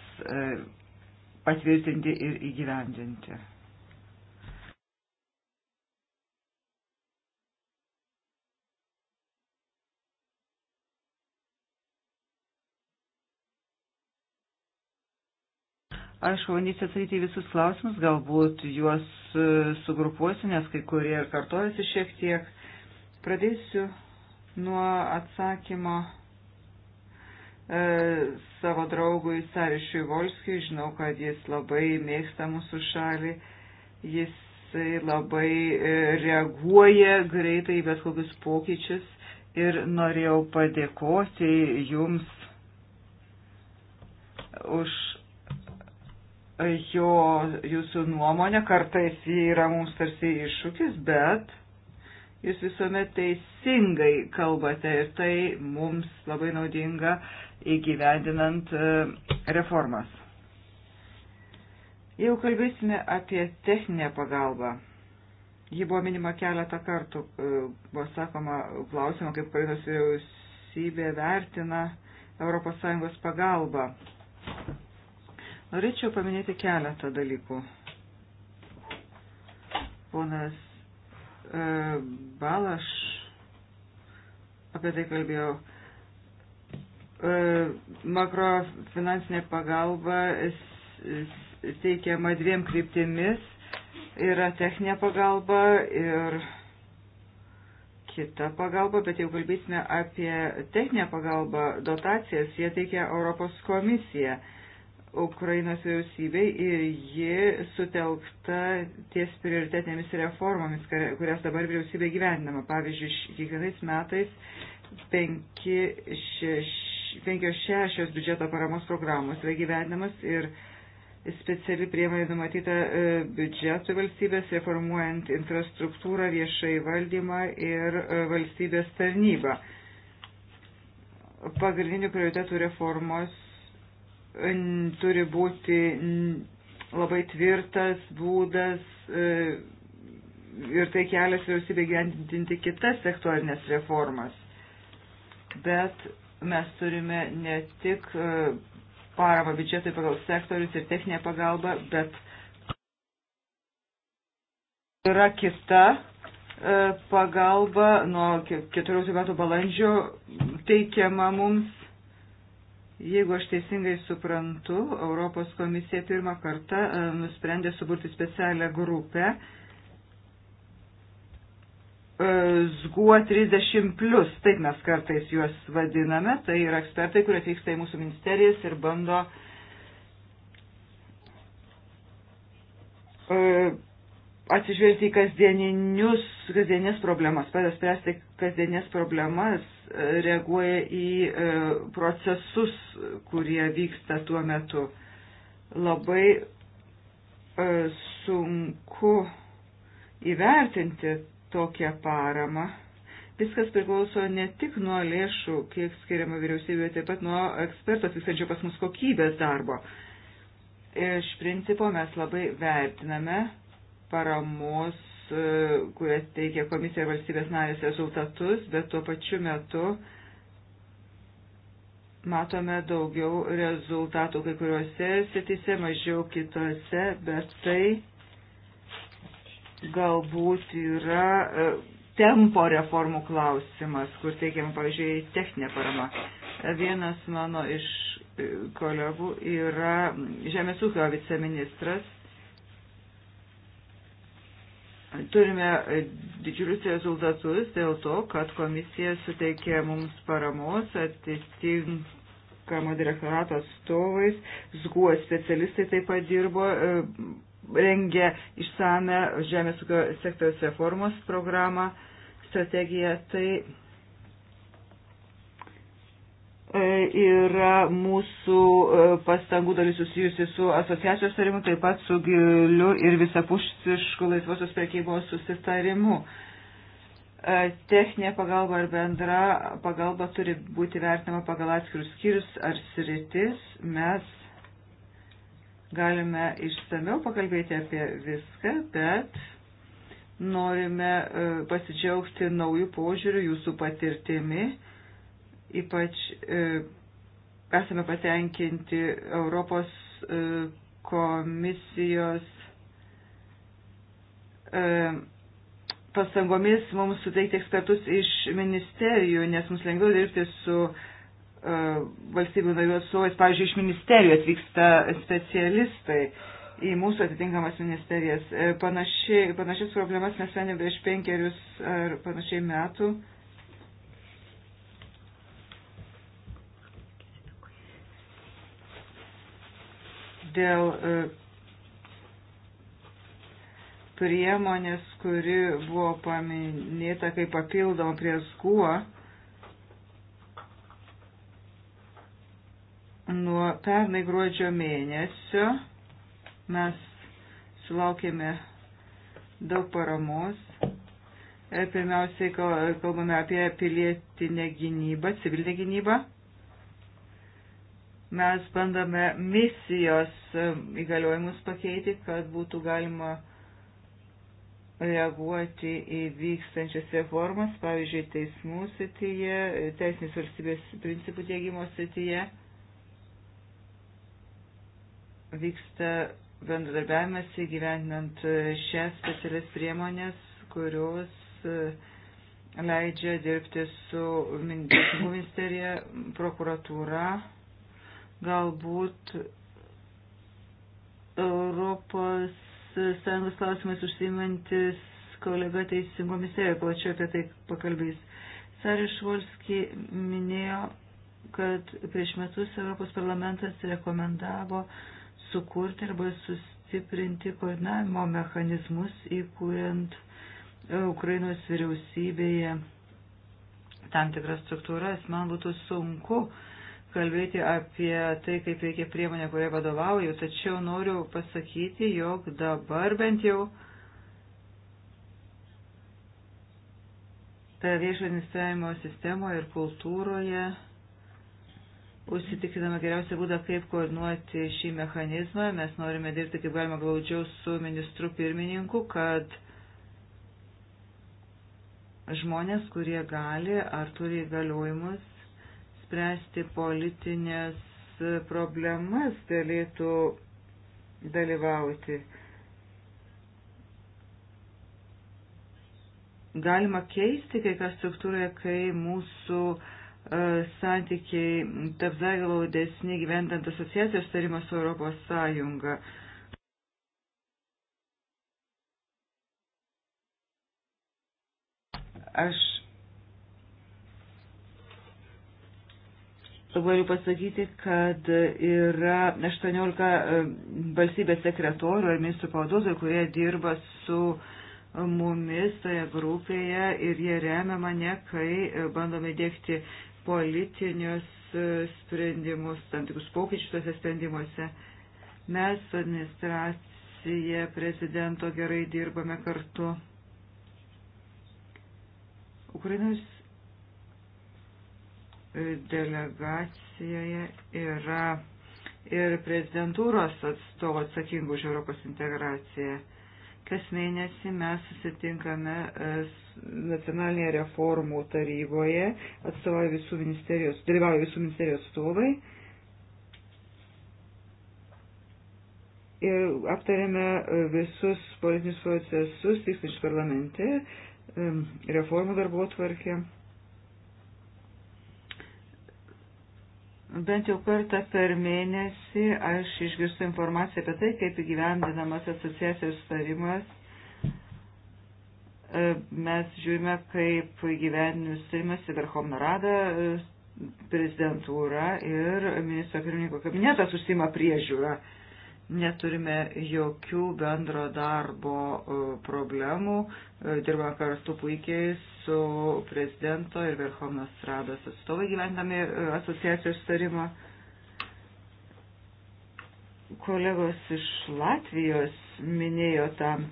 patvirtinti ir įgyvendinti. Aš bandysiu atsakyti į visus klausimus, galbūt juos sugrupuosiu, nes kai kurie ir kartojasi šiek tiek. Pradėsiu nuo atsakymo e, savo draugui Sarišui Volskiui. Žinau, kad jis labai mėgsta mūsų šalį, jisai labai e, reaguoja greitai į bet kokius pokyčius ir norėjau padėkoti jums už jo, jūsų nuomonę. Kartais ji yra mums tarsi iššūkis, bet Jūs visuomet teisingai kalbate ir tai mums labai naudinga įgyvendinant e, reformas. Jau kalbėsime apie techninę pagalbą. Ji buvo minima keletą kartų, e, buvo sakoma klausimo, kaip Ukrainos vyriausybė vertina ES pagalbą. Norėčiau paminėti keletą dalykų. Ponas E, Balaš apie tai kalbėjau. E, makrofinansinė pagalba teikiama dviem kryptimis. Yra techninė pagalba ir kita pagalba, bet jau kalbėsime apie techninę pagalbą, dotacijas, jie teikia Europos komisija. E, Ukrainos vyriausybei ir ji sutelkta ties prioritetinėmis reformomis, kurias dabar vyriausybė gyvendama. Pavyzdžiui, kiekvienais metais 5-6 biudžeto paramos programos yra gyvendamas ir speciali priemonė numatyta e, biudžetui valstybės, reformuojant infrastruktūrą, viešai valdymą ir e, valstybės tarnybą. Pagrindinių prioritetų reformos turi būti labai tvirtas būdas e, ir tai kelias vyriausybė gyventinti kitas sektorinės reformas. Bet mes turime ne tik e, paramą biudžetui pagal sektorius ir techninę pagalbą, bet yra kita e, pagalba nuo 14 metų balandžio teikiama mums Jeigu aš teisingai suprantu, Europos komisija pirmą kartą e, nusprendė suburti specialią grupę SGUO e, 30, plus, taip mes kartais juos vadiname, tai yra ekspertai, kurie atvyksta į mūsų ministerijas ir bando e, atsižvelgti į kasdieninius, kasdienės problemas, padeda spręsti kasdienės problemas reaguoja į e, procesus, kurie vyksta tuo metu. Labai e, sunku įvertinti tokią paramą. Viskas priklauso ne tik nuo lėšų, kiek skiriama vyriausybė, taip pat nuo ekspertos vykstančio pas mus kokybės darbo. Iš principo mes labai vertiname paramos E, kurias teikia komisija ir valstybės narės rezultatus, bet tuo pačiu metu matome daugiau rezultatų kai kuriuose sritise, mažiau kitose, bet tai galbūt yra e, tempo reformų klausimas, kur teikiama, pavyzdžiui, techninė parama. E, vienas mano iš kolegų yra žemės ūkio viceministras Turime e, didžiulius rezultatus dėl to, kad komisija suteikė mums paramos atitinkamo direktorato atstovais, SGUO specialistai taip pat dirbo, e, rengė išsame žemės ūkio sektoriaus reformos programą, strategiją. Tai E, yra mūsų e, pastangų dalis susijusi su asociacijos tarimu, taip pat su giliu ir visapušišku laisvosios prekybos susitarimu. E, techninė pagalba ar bendra pagalba turi būti vertinama pagal atskirius skyrius ar sritis. Mes galime išsameu pakalbėti apie viską, bet norime pasidžiaugti naujų požiūrių jūsų patirtimi Ypač e, esame patenkinti Europos e, komisijos e, pastangomis mums suteikti ekspertus iš ministerijų, nes mums lengviau dirbti su valstybių narių atstovais. Pavyzdžiui, iš ministerijų atvyksta specialistai į mūsų atitinkamas ministerijas. Panaši, panašias problemas mes sprendėme prieš penkerius ar panašiai metų. dėl e, priemonės, kuri buvo paminėta kaip papildoma prie skuo nuo pernai gruodžio mėnesio mes sulaukėme daug paramos. E, pirmiausiai kalbame apie pilietinę gynybą, civilinę gynybą. Mes bandome misijos e, įgaliojimus pakeiti, kad būtų galima reaguoti į vykstančias reformas, pavyzdžiui, teismų srityje, e, teisinės valstybės principų dėgymo srityje. Vyksta bendradarbiavimas įgyvendinant e, šias specialias priemonės, kurios leidžia dirbti su ministerija, prokuratūra, Galbūt Europos Sąjungos klausimais užsimantis kolega teisingo ministerija plačiau apie tai pakalbės. Sarišvolski minėjo, kad prieš metus Europos parlamentas rekomendavo sukurti arba sustiprinti koordinavimo mechanizmus, įkūrent e, Ukrainos vyriausybėje tam tikras struktūras. Man būtų sunku uh, kalbėti apie tai, kaip veikia priemonė, kuriai vadovauju, tačiau noriu pasakyti, jog dabar bent jau viešo administravimo sistemoje ir kultūroje užsitikriname geriausią būdą, kaip koordinuoti šį mechanizmą. Mes norime dirbti kaip galima glaudžiau su ministru pirmininku, kad žmonės, kurie gali ar turi įgaliojimus, spręsti politinės problemas, galėtų dalyvauti. Galima keisti kai ką struktūroje, kai mūsų uh, santykiai taps dar glaudesni gyventant asociacijos tarimą su Europos Sąjunga. Aš galiu pasakyti, kad yra 18 e, valstybės sekretorių ar ministrų pavaduotojų, kurie dirba su mumis toje grupėje ir jie remia mane, kai e, bandome dėkti politinius e, sprendimus, tam tikrus pokyčius tose sprendimuose. Mes su administracija prezidento gerai dirbame kartu. Ukrainos delegacijoje yra ir prezidentūros atstovų atsakingų už Europos integraciją. Kas mėnesį mes susitinkame e, nacionalinėje reformų taryboje, atstovauja visų ministerijos, dalyvauja visų ministerijos atstovai. Ir aptarėme e, visus politinius procesus vykstančius parlamente, e, reformų darbo tvarkė. Bent jau kartą per mėnesį aš išgirstu informaciją apie tai, kaip įgyvendinamas asociacijos sutarimas. E, mes žiūrime, kaip įgyvendinimas sutarimas į Verhovną Radą, e, prezidentūra ir ministro pirmininko kabinetas užsima priežiūrą neturime jokių bendro darbo e, problemų, e, dirbame kartu puikiai su prezidento ir Verhovnos rados atstovai gyvendami e, asociacijos starimą. Kolegos iš Latvijos minėjo tam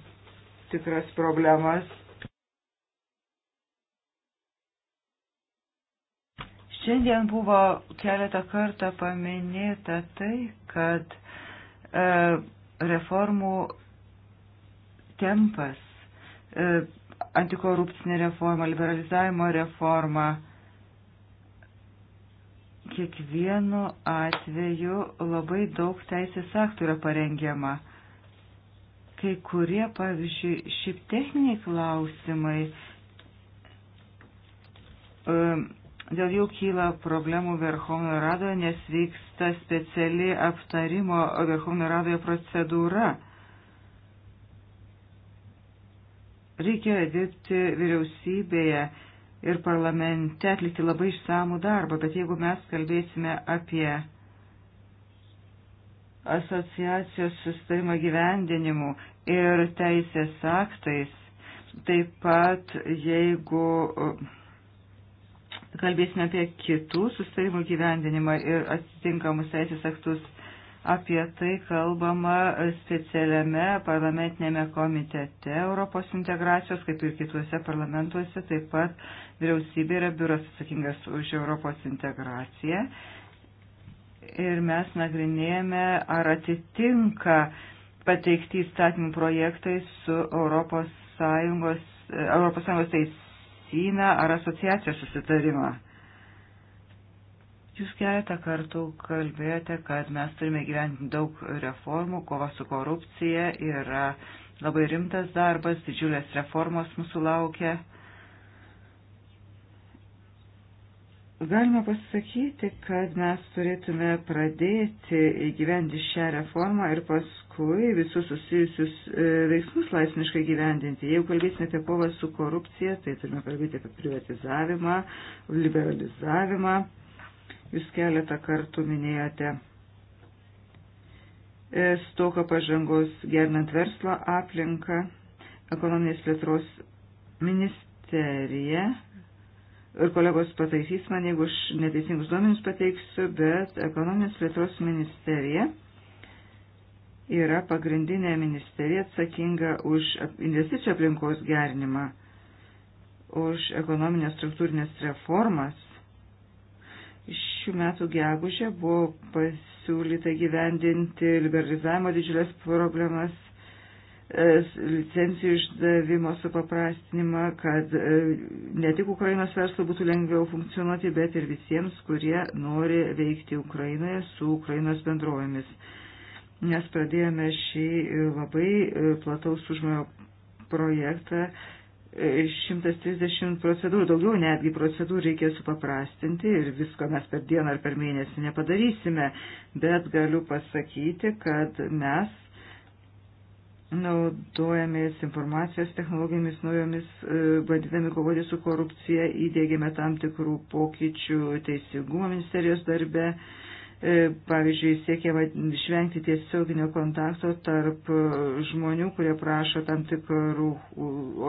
tikras problemas. Šiandien buvo keletą kartą paminėta tai, kad E, reformų tempas, e, antikorupcinė reforma, liberalizavimo reforma. Kiekvienu atveju labai daug teisės aktų yra parengiama. Kai kurie, pavyzdžiui, šiaip techniniai klausimai, e, Dėl jų kyla problemų Verhovno radoje, nes vyksta speciali aptarimo Verhovno radoje procedūra. Reikia dirbti vyriausybėje ir parlamente atlikti labai išsamų darbą, bet jeigu mes kalbėsime apie asociacijos sustarimo gyvendinimu ir teisės aktais, taip pat jeigu kalbėsime apie kitų susitarimų gyvendinimą ir atitinkamus teisės aktus. Apie tai kalbama specialiame parlamentinėme komitete Europos integracijos, kaip ir kituose parlamentuose, taip pat vyriausybė yra biuras atsakingas už Europos integraciją. Ir mes nagrinėjame, ar atitinka pateikti įstatymų projektai su Europos Sąjungos, Europos Sąjungos teis, partnerystyną ar asociacijos susitarimą. Jūs keletą kartų kalbėjote, kad mes turime gyventi daug reformų, kova su korupcija yra labai rimtas darbas, didžiulės reformos mūsų laukia. Galima pasakyti, kad mes turėtume pradėti įgyvendinti šią reformą ir paskui visus susijusius e, veiksmus laipsniškai gyvendinti. Jeigu kalbėsime apie kovą su korupcija, tai turime kalbėti apie privatizavimą, liberalizavimą. Jūs keletą kartų minėjote e, stoka pažangos gernant verslą aplinką, ekonominės plėtros ministeriją ir kolegos pataisys man, jeigu aš neteisingus duomenys pateiksiu, bet ekonominės plėtros ministerija yra pagrindinė ministerija atsakinga už investicijų aplinkos gerinimą, už ekonominės struktūrinės reformas. Šių metų gegužė buvo pasiūlyta gyvendinti liberalizavimo didžiulės problemas E, licencijų išdavimo supaprastinimą, kad e, ne tik Ukrainos verslo būtų lengviau funkcionuoti, bet ir visiems, kurie nori veikti Ukrainoje su Ukrainos bendrovėmis. Mes pradėjome šį labai e, plataus užmojo projektą 130 procedūrų, daugiau netgi procedūrų reikia supaprastinti ir visko mes per dieną ar per mėnesį nepadarysime, bet galiu pasakyti, kad mes naudojamės informacijos technologijomis naujomis, e, bandydami kovoti su korupcija, įdėgėme tam tikrų pokyčių teisingumo ministerijos darbe. E, pavyzdžiui, siekėme išvengti tiesioginio kontakto tarp e, žmonių, kurie prašo tam tikrų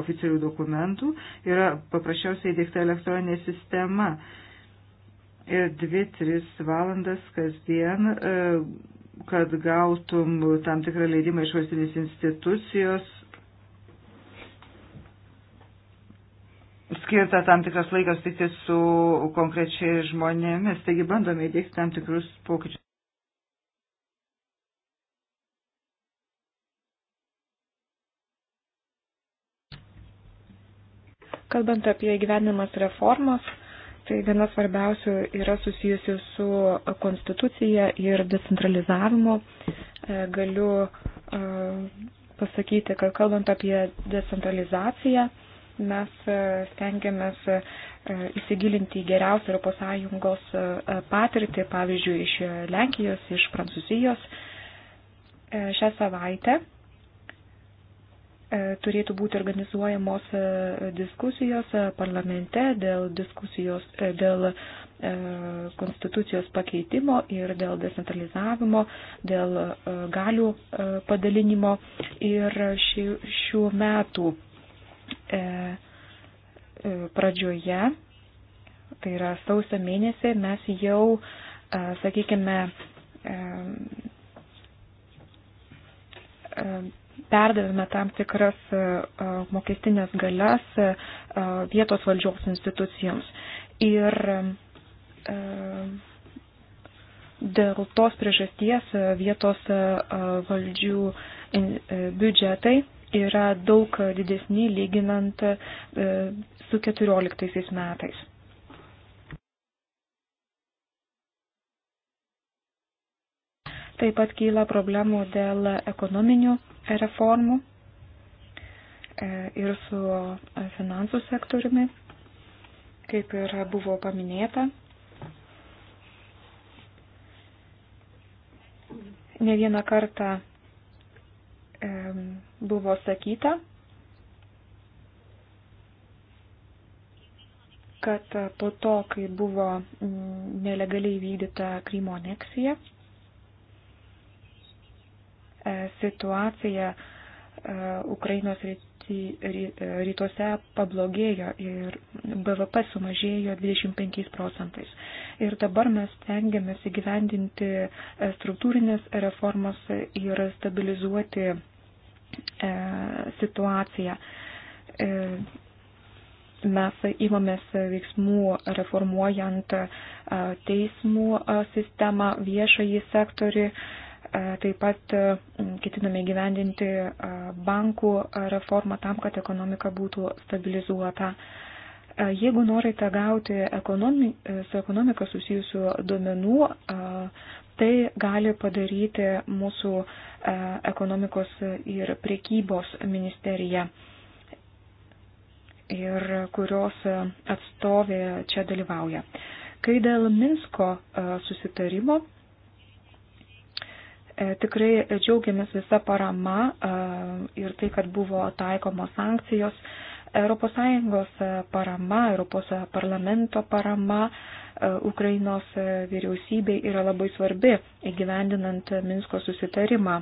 oficialių dokumentų. Yra paprasčiausiai įdėkta elektroninė sistema. Ir dvi, tris valandas kasdien kad gautum tam tikrą leidimą iš valstybės institucijos, skirta tam tikras laikas tikti su konkrečiai žmonėmis. Taigi bandome įdėkti tam tikrus pokyčius. Kalbant apie gyvenimas reformas, tai viena svarbiausių yra susijusi su konstitucija ir decentralizavimu. E, galiu e, pasakyti, kad kalbant apie decentralizaciją, mes e, stengiamės įsigilinti į geriausią ES patirtį, pavyzdžiui, iš Lenkijos, iš Prancūzijos. Šią savaitę E, turėtų būti organizuojamos e, diskusijos e, parlamente dėl diskusijos dėl konstitucijos pakeitimo ir dėl decentralizavimo, dėl galių padalinimo ir ši, šių metų pradžioje, tai yra sausio mėnesį, mes jau, sakykime, perdavėme tam tikras e, e, mokestinės galias e, vietos valdžios institucijoms. Ir dėl tos priežasties vietos valdžių biudžetai yra daug didesni lyginant su 14 metais. Taip pat kyla problemų dėl ekonominių reformų e, ir su e, finansų sektoriumi, kaip ir buvo paminėta. Ne vieną kartą e, buvo sakyta, kad po to, kai buvo nelegaliai vykdyta Krymo aneksija, E, situacija e, Ukrainos e, rytuose pablogėjo ir BVP sumažėjo 25 procentais. Ir dabar mes tengiamės įgyvendinti struktūrinės reformas ir stabilizuoti situaciją. Mes įmamės veiksmų reformuojant teismų sistemą, viešąjį sektorių E, taip pat e, ketiname gyvendinti e, bankų reformą tam, kad ekonomika būtų stabilizuota. Jeigu norite gauti ekonomi, su ekonomika susijusių duomenų, tai gali padaryti mūsų ekonomikos ir priekybos ministerija, ir kurios atstovė čia dalyvauja. Kai dėl Minsko susitarimo E, tikrai džiaugiamės visa parama e, ir tai, kad buvo taikomos sankcijos. ES e, parama, ES parlamento parama Ukrainos vyriausybei yra labai svarbi įgyvendinant Minsko susitarimą.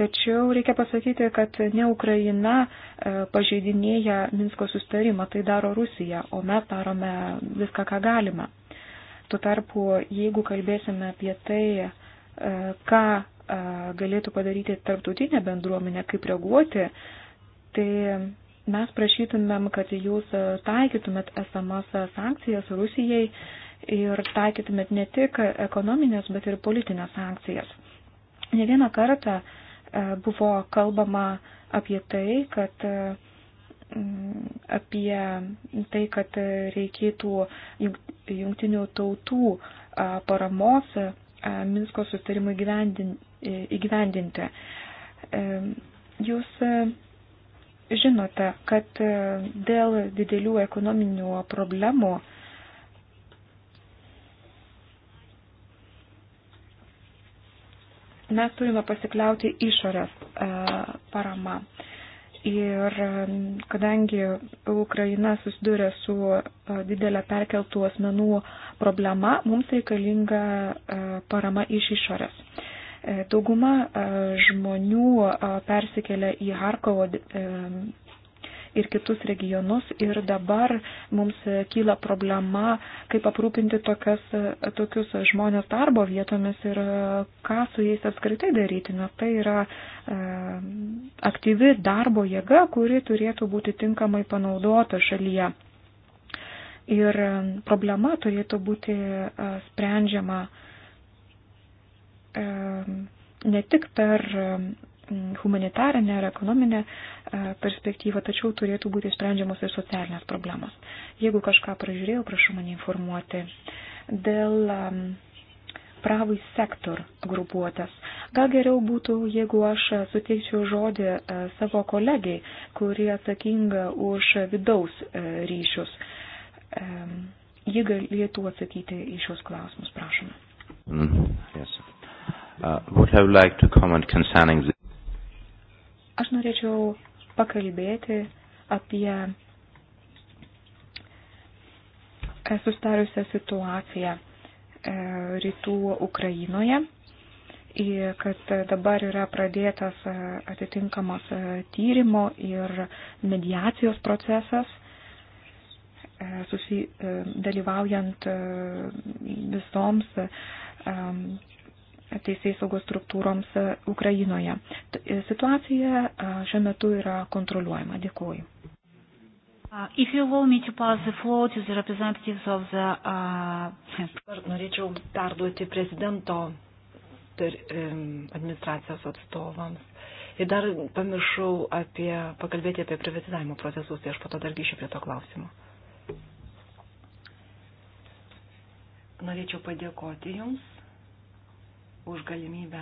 Tačiau reikia pasakyti, kad ne Ukraina pažeidinėja Minsko susitarimą, tai daro Rusija, o mes darome viską, ką galime. Tuo tarpu, jeigu kalbėsime apie tai, e, ką e, galėtų padaryti tarptautinė bendruomenė, kaip reaguoti, tai mes prašytumėm, kad jūs e, taikytumėt esamas sankcijas Rusijai ir taikytumėt ne tik ekonominės, bet ir politinės sankcijas. Ne vieną kartą buvo kalbama apie tai, kad Mm, apie tai, kad reikėtų jungtinių tautų paramos Minsko sustarimui įgyvendinti. E, jūs žinote, kad dėl didelių ekonominių problemų mes turime pasikliauti išorės parama. E, Ir kadangi Ukraina susiduria su didelė perkeltų asmenų problema, mums reikalinga parama iš išorės. E, dauguma žmonių persikelia į Harkovo ir kitus regionus. Ir dabar mums kyla problema, kaip aprūpinti tokias, tokius žmonės darbo vietomis ir e, ką su jais apskritai daryti, nes tai yra e, aktyvi darbo jėga, kuri turėtų būti tinkamai panaudota šalyje. Ir e, problema turėtų būti e, sprendžiama ne tik per humanitarinę ar ekonominę e, perspektyvą, tačiau turėtų būti sprendžiamos ir socialinės problemos. Jeigu kažką pražiūrėjau, prašau mane informuoti. Dėl pravai sektor grupuotės. Gal geriau būtų, jeigu aš suteikčiau žodį e, savo kolegiai, kuri atsakinga už vidaus e, ryšius. Ji galėtų atsakyti į šios klausimus, prašome. Mm, yes. uh, what I would like to comment concerning the Aš norėčiau pakalbėti apie e, sustariusią situaciją e, rytų Ukrainoje ir kad dabar yra pradėtas e, atitinkamas tyrimo ir mediacijos procesas, susi, dalyvaujant visoms teisėjai saugos struktūroms e, Ukrainoje. E, situacija e, šiuo metu yra kontroliuojama. Dėkuoju. Uh, if you allow me to pass the floor to the representatives of the... Uh... Norėčiau perduoti prezidento per, um, administracijos atstovams. Ir dar pamiršau apie, pakalbėti apie privatizavimo procesus, tai aš po to dar grįšiu prie to klausimo. Norėčiau padėkoti Jums už galimybę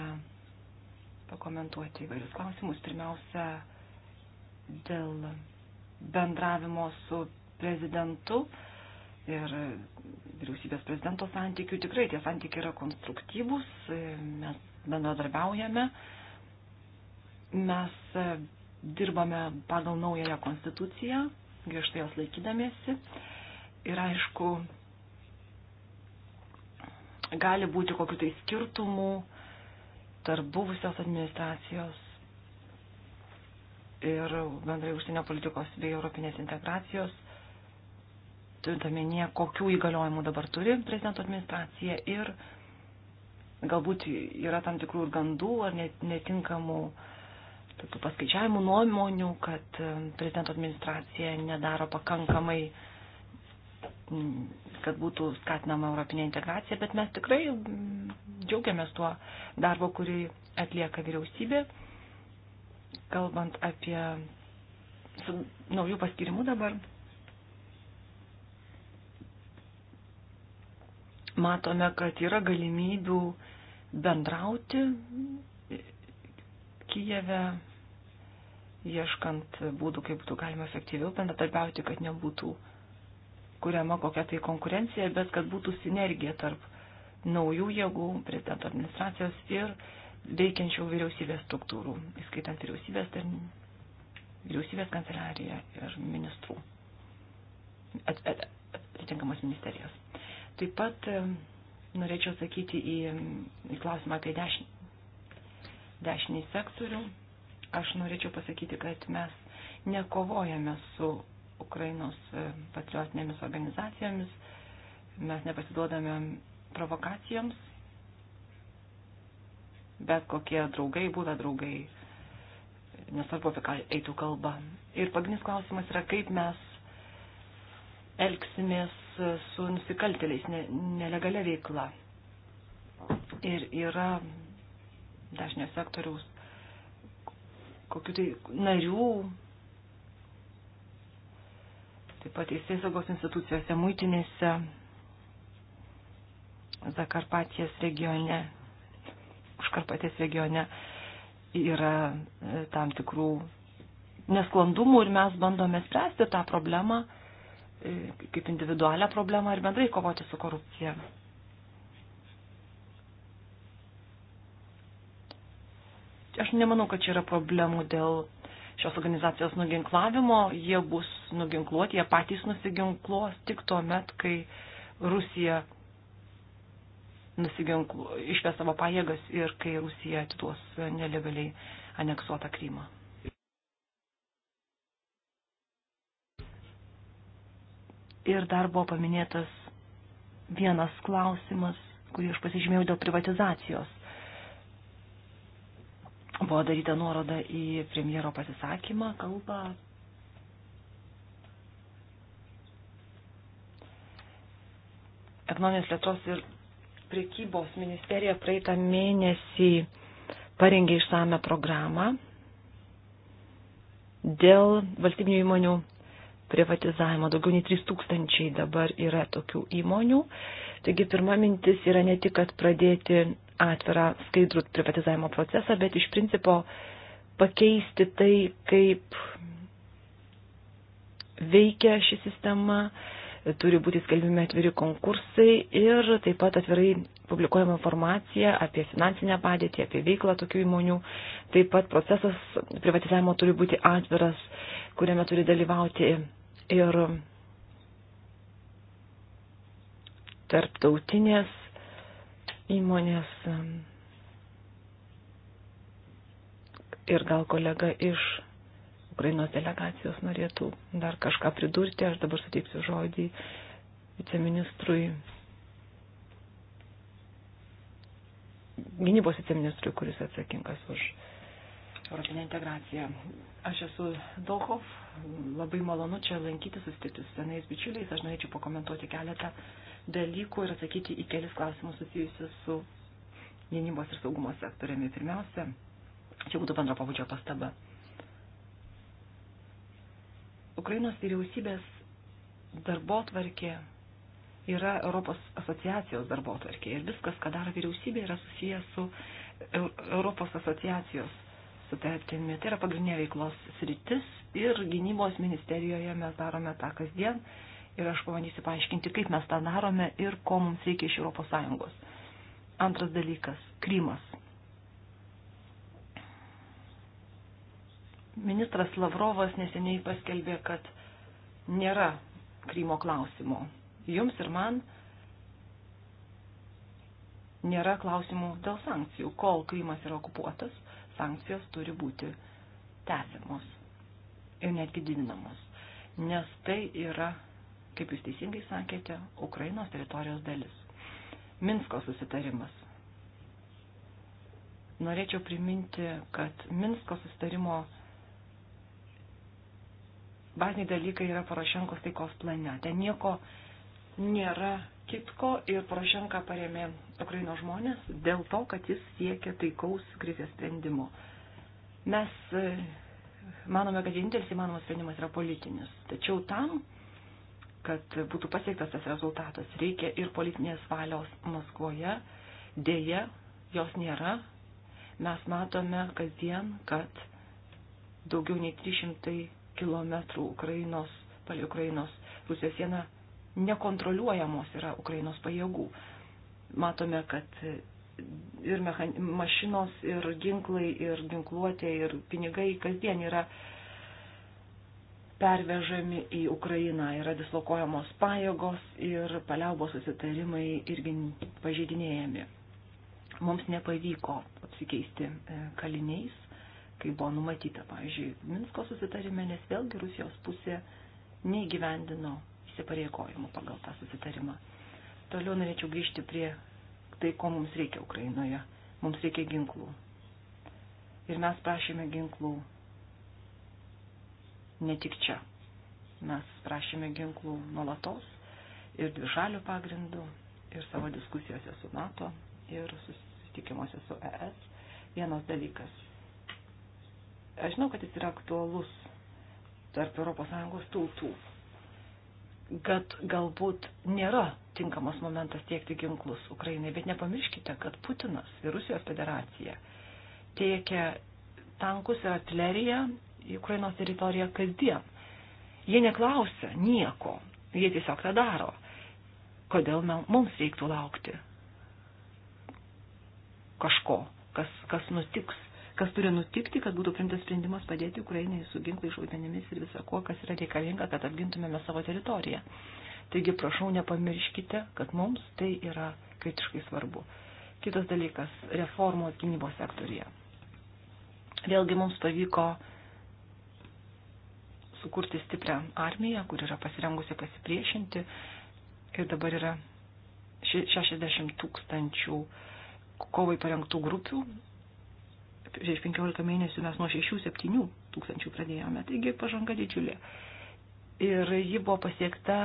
pakomentuoti įvairius klausimus. Pirmiausia, dėl bendravimo su prezidentu ir vyriausybės prezidento santykių. Tikrai tie santykiai yra konstruktyvūs, mes bendradarbiaujame, mes dirbame pagal naująją konstituciją, griežtai jos laikydamėsi. Ir aišku, gali būti kokiu tai skirtumu tarp buvusios administracijos ir bendrai užsienio politikos bei europinės integracijos, turint omenyje, kokių įgaliojimų dabar turi prezidento administracija ir galbūt yra tam tikrų ir gandų ar netinkamų tokių paskaičiavimų nuomonių, kad um, prezidento administracija nedaro pakankamai kad būtų skatinama europinė integracija, bet mes tikrai mm, džiaugiamės tuo darbo, kurį atlieka vyriausybė, kalbant apie naujų paskirimų dabar. Matome, kad yra galimybių bendrauti Kijeve, ieškant būdų, kaip būtų galima efektyviau bendradarbiauti, kad nebūtų uh, kuriama kokia tai konkurencija, bet kad būtų sinergija tarp naujų jėgų, prezidento administracijos ir veikiančių vyriausybės struktūrų, įskaitant vyriausybės, tar... vyriausybės kanceliariją ir ministrų, atitinkamas ministerijas. Taip pat e, norėčiau atsakyti į, į klausimą apie dešinį, dešinį sektorių. Aš norėčiau pasakyti, kad mes nekovojame su Ukrainos e, patriotinėmis organizacijomis. Mes nepasiduodame provokacijoms. Bet kokie draugai, būda draugai, nesvarbu apie ką eitų kalba. Ir pagrindinis klausimas yra, kaip mes elgsimės su nusikaltėliais, ne, nelegalia veikla. Ir yra dažnio sektoriaus kokiu tai narių taip pat teisės saugos institucijose, muitinėse, Zakarpatijos regione, užkarpatės regione yra e, tam tikrų nesklandumų ir mes bandome spręsti tą problemą e, kaip individualią problemą ir bendrai kovoti su korupcija. Aš nemanau, kad čia yra problemų dėl šios organizacijos nuginklavimo, jie bus nuginkluoti, jie patys nusiginkluos tik tuo met, kai Rusija išvė savo pajėgas ir kai Rusija atiduos nelegaliai aneksuotą Krymą. Ir dar buvo paminėtas vienas klausimas, kurį aš pasižymėjau dėl privatizacijos Buvo daryta nuoroda į premjero pasisakymą, kalbą. Ekonominės lietos ir priekybos ministerija praeitą mėnesį parengė išsame programą dėl valstybinių įmonių privatizavimo. Daugiau nei 3 tūkstančiai dabar yra tokių įmonių. Taigi pirma mintis yra ne tik, kad pradėti atvirą skaidrų privatizavimo procesą, bet iš principo pakeisti tai, kaip veikia ši sistema, turi būti skelbimi atviri konkursai ir taip pat atvirai publikuojama informacija apie finansinę padėtį, apie veiklą tokių įmonių. Taip pat procesas privatizavimo turi būti atviras, kuriame turi dalyvauti ir tarptautinės įmonės ir gal kolega iš Ukrainos delegacijos norėtų dar kažką pridurti. Aš dabar suteiksiu žodį viceministrui, gynybos viceministrui, kuris atsakingas už europinę integraciją. Aš esu Dolhov, labai malonu čia lankyti, susitikti su senais bičiuliais. Aš norėčiau pakomentuoti keletą dalykų ir atsakyti į kelis klausimus susijusius su gynybos ir saugumo sektoriumi. Pirmiausia, čia būtų bendro pabudžio pastaba. Ukrainos vyriausybės darbo tvarkė yra Europos asociacijos darbo tvarkė ir viskas, ką daro vyriausybė, yra susijęs su Europos asociacijos sutartimi. Tai yra pagrindinė veiklos sritis ir gynybos ministerijoje mes darome tą kasdien ir aš pabandysiu paaiškinti, kaip mes tą darome ir ko mums reikia iš ES. Antras dalykas - Krymas. Ministras Lavrovas neseniai paskelbė, kad nėra Krymo klausimo. Jums ir man nėra klausimų dėl sankcijų, kol Krymas yra okupuotas sankcijos turi būti tęsiamos ir netgi didinamos, nes tai yra, kaip jūs teisingai sakėte, Ukrainos teritorijos dalis. Minsko susitarimas. Norėčiau priminti, kad Minsko susitarimo baziniai dalykai yra Porošenkos taikos plane. Ten nieko nėra kitko ir Porošenka paremė Ukraino žmonės dėl to, kad jis siekia taikaus krizės sprendimo. Mes e, manome, kad vienintelis įmanomas sprendimas yra politinis. Tačiau tam, kad būtų pasiektas tas rezultatas, reikia ir politinės valios Maskvoje. Deja, jos nėra. Mes matome kasdien, kad daugiau nei 300 km Ukrainos, palį Ukrainos Rusijos sieną nekontroliuojamos yra Ukrainos pajėgų. Matome, kad ir mašinos, ir ginklai, ir ginkluotė, ir pinigai kasdien yra pervežami į Ukrainą, yra dislokuojamos pajėgos ir paliaubos susitarimai irgi pažeidinėjami. Mums nepavyko apsikeisti e, kaliniais, kai buvo numatyta, pavyzdžiui, Minsko susitarime, nes vėlgi Rusijos pusė neįgyvendino įsipareigojimų pagal tą susitarimą. Toliau norėčiau grįžti prie tai, ko mums reikia Ukrainoje. Mums reikia ginklų. Ir mes prašėme ginklų ne tik čia. Mes prašėme ginklų nuolatos ir dvišalių pagrindų ir savo diskusijose su NATO ir susitikimuose su ES. Vienas dalykas. Aš žinau, kad jis yra aktualus tarp ES tautų kad galbūt nėra tinkamas momentas tiekti ginklus Ukrainai, bet nepamirškite, kad Putinas ir Rusijos federacija tiekia tankus ir artileriją į Ukrainos teritoriją kasdien. Jie neklausia nieko, jie tiesiog tą daro. Kodėl mums reiktų laukti kažko, kas, kas nutiks kas turi nutikti, kad būtų primtas sprendimas padėti Ukrainai su ginklai, šaudmenimis ir visą ko, kas yra reikalinga, kad apgintumėme savo teritoriją. Taigi prašau, nepamirškite, kad mums tai yra kritiškai svarbu. Kitas dalykas - reformos gynybos sektorija. Vėlgi mums pavyko sukurti stiprią armiją, kur yra pasirengusi pasipriešinti ir dabar yra 60 tūkstančių kovai parengtų grupių prieš 15 mėnesių mes nuo 6-7 tūkstančių pradėjome, taigi pažanga didžiulė. Ir ji buvo pasiekta,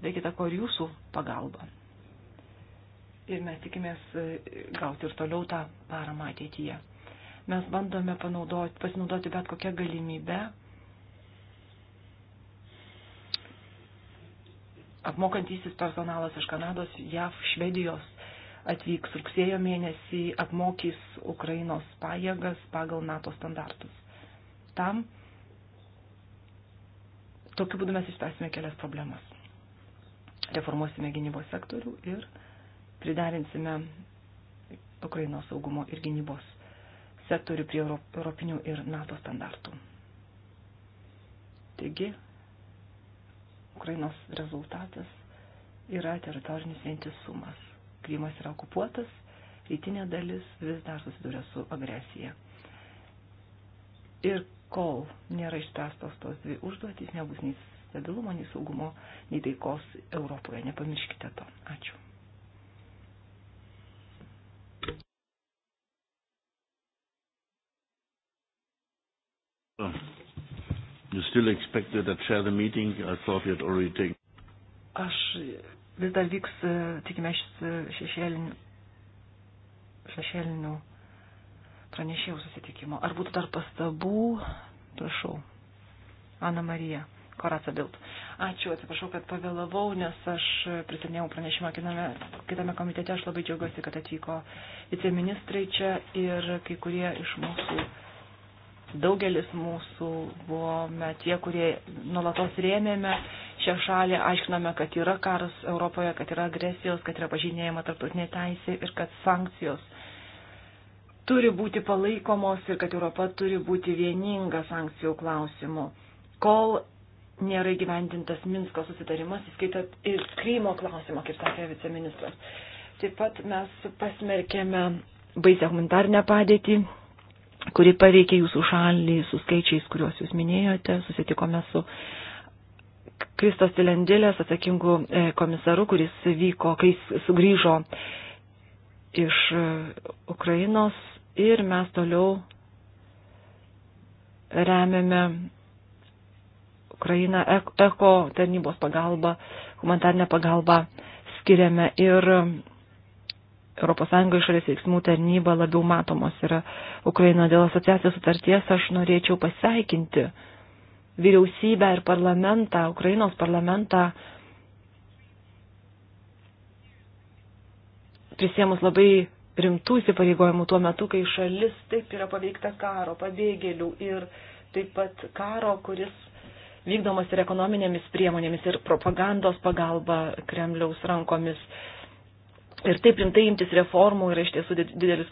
be kita ko, ir jūsų pagalba. Ir mes tikimės e, gauti ir toliau tą paramą ateityje. Mes bandome pasinaudoti bet kokią galimybę, apmokantysis personalas iš Kanados, JAV, Švedijos atvyks rugsėjo mėnesį, apmokys Ukrainos pajėgas pagal NATO standartus. Tam tokiu būdu mes išspręsime kelias problemas. Reformuosime gynybos sektorių ir pridarinsime Ukrainos saugumo ir gynybos sektorių prie europinių ir NATO standartų. Taigi, Ukrainos rezultatas yra teritorinis vientisumas Krymas yra okupuotas, rytinė dalis vis dar susiduria su agresija. Ir kol nėra išspręstos tos dvi užduotys, nebus nei stabilumo, nei saugumo, nei taikos Europoje. Nepamirškite to. Ačiū. You still expected that share the meeting. I thought you had already taken. Aš vis dar vyks, e, tikime, e, šešėlinių, šešėlinių pranešėjų susitikimo. Ar būtų dar pastabų? Prašau. Ana Marija. Koraca Bild. Ačiū, atsiprašau, kad pavėlavau, nes aš pristatinėjau pranešimą kitame, kitame komitete. Aš labai džiaugiuosi, kad atvyko viceministrai čia ir kai kurie iš mūsų Daugelis mūsų buvome tie, kurie nuolatos rėmėme šią šalį, aiškiname, kad yra karas Europoje, kad yra agresijos, kad yra pažinėjama tarptautinė teisė ir kad sankcijos turi būti palaikomos ir kad Europa turi būti vieninga sankcijų klausimu. Kol nėra įgyvendintas Minsko susitarimas, įskaitant ir Krymo klausimą, kaip sakė viceministras. Taip pat mes pasmerkėme baisę humanitarnę padėtį kuri paveikė jūsų šalį su skaičiais, kuriuos jūs minėjote. Susitikome su Kristos Tilendėlės atsakingu e, komisaru, kuris vyko, kai sugrįžo iš e, Ukrainos ir mes toliau remiame Ukrainą eko tarnybos pagalba, humanitarnę pagalbą skiriame ir ES išorės veiksmų tarnyba labiau matomos yra Ukraina. Dėl asociacijos sutarties aš norėčiau pasveikinti vyriausybę ir parlamentą, Ukrainos parlamentą, prisėmus labai rimtų įsipareigojimų tuo metu, kai šalis taip yra paveikta karo, pabėgėlių ir taip pat karo, kuris vykdomas ir ekonominėmis priemonėmis ir propagandos pagalba Kremliaus rankomis. Ir taip rimtai imtis reformų yra iš tiesų didelis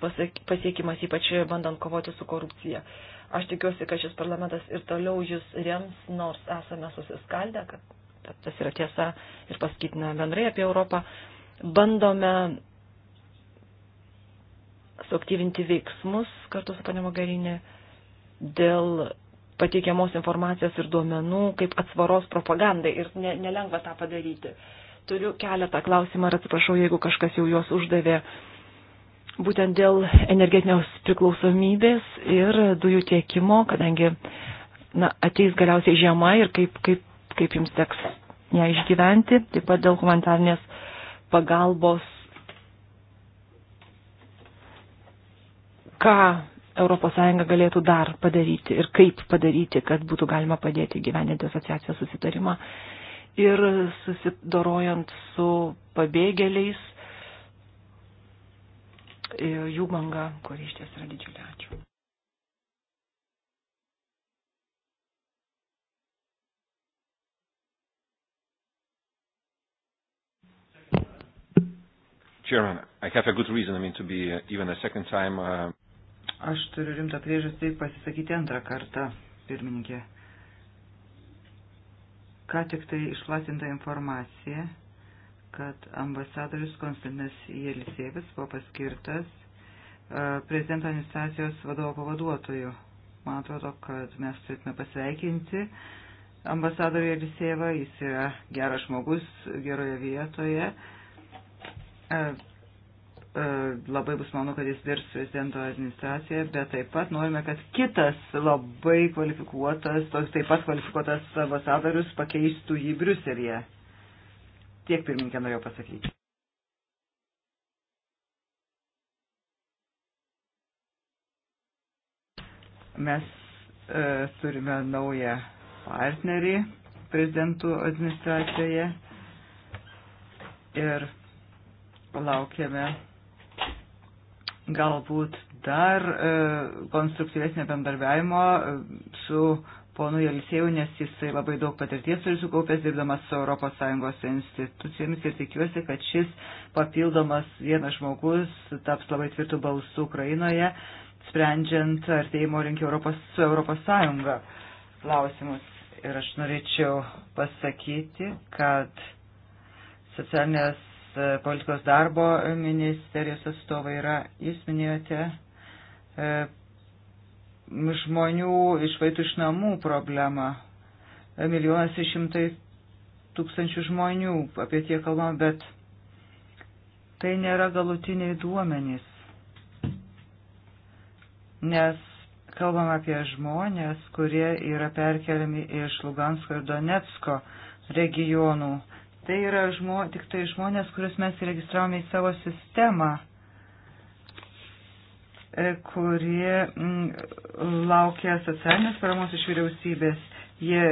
pasiekimas, ypač bandant kovoti su korupcija. Aš tikiuosi, kad šis parlamentas ir toliau jūs rems, nors esame susiskaldę, kad tas yra tiesa ir pasakytina bendrai apie Europą. Bandome suaktyvinti veiksmus kartu su panė Magarinė dėl pateikiamos informacijos ir duomenų kaip atsvaros propagandai ir ne, nelengva tą padaryti. Turiu keletą klausimų ir atsiprašau, jeigu kažkas jau juos uždavė būtent dėl energetinės priklausomybės ir dujų tiekimo, kadangi na, ateis galiausiai žiema ir kaip, kaip, kaip jums teks ją išgyventi, taip pat dėl humanitarnės pagalbos, ką ES galėtų dar padaryti ir kaip padaryti, kad būtų galima padėti gyveninti asociacijos susitarimą ir susidorojant su pabėgėliais jų banga, kuri iš ties yra didžiulė. Ačiū. Chairman, I have a good reason, I mean, to be uh, even a second time. Uh... Aš turiu rimtą priežastį pasisakyti antrą kartą, pirmininkė. Uh, ką tik tai išplatinta informacija, kad ambasadorius Konstantinas Jelisėvis buvo paskirtas e, prezidento administracijos vadovo pavaduotoju. Man atrodo, kad mes turėtume pasveikinti ambasadorių Jelisėvą, jis yra geras žmogus geroje vietoje e, E, labai bus malonu, kad jis dirbs prezidento administraciją, bet taip pat norime, kad kitas labai kvalifikuotas, toks taip pat kvalifikuotas ambasadorius pakeistų jį Briuselėje. Tiek pirmininkė norėjau pasakyti. Mes e, turime naują partnerį prezidentų administracijoje ir laukiame galbūt dar e, konstruktyvesnio bendarbiavimo e, su ponu Jelisėjų, nes jisai labai daug patirties turi sukaupęs dirbdamas su ES institucijomis ir tikiuosi, kad šis papildomas vienas žmogus taps labai tvirtų balsų Ukrainoje, sprendžiant artėjimo link Europos, su ES klausimus. Ir aš norėčiau pasakyti, kad socialinės E, politikos darbo ministerijos atstovai yra, jūs minėjote, e, žmonių išvaitų iš namų problemą. E, milijonas ir šimtai tūkstančių žmonių, apie tie kalbam, bet tai nėra galutiniai duomenys. Nes kalbam apie žmonės, kurie yra perkeliami iš Lugansko ir Donetsko regionų Tai yra žmo, tik tai žmonės, kuriuos mes registravome į savo sistemą, e, kurie m, mm, laukia socialinės paramos iš vyriausybės. Jie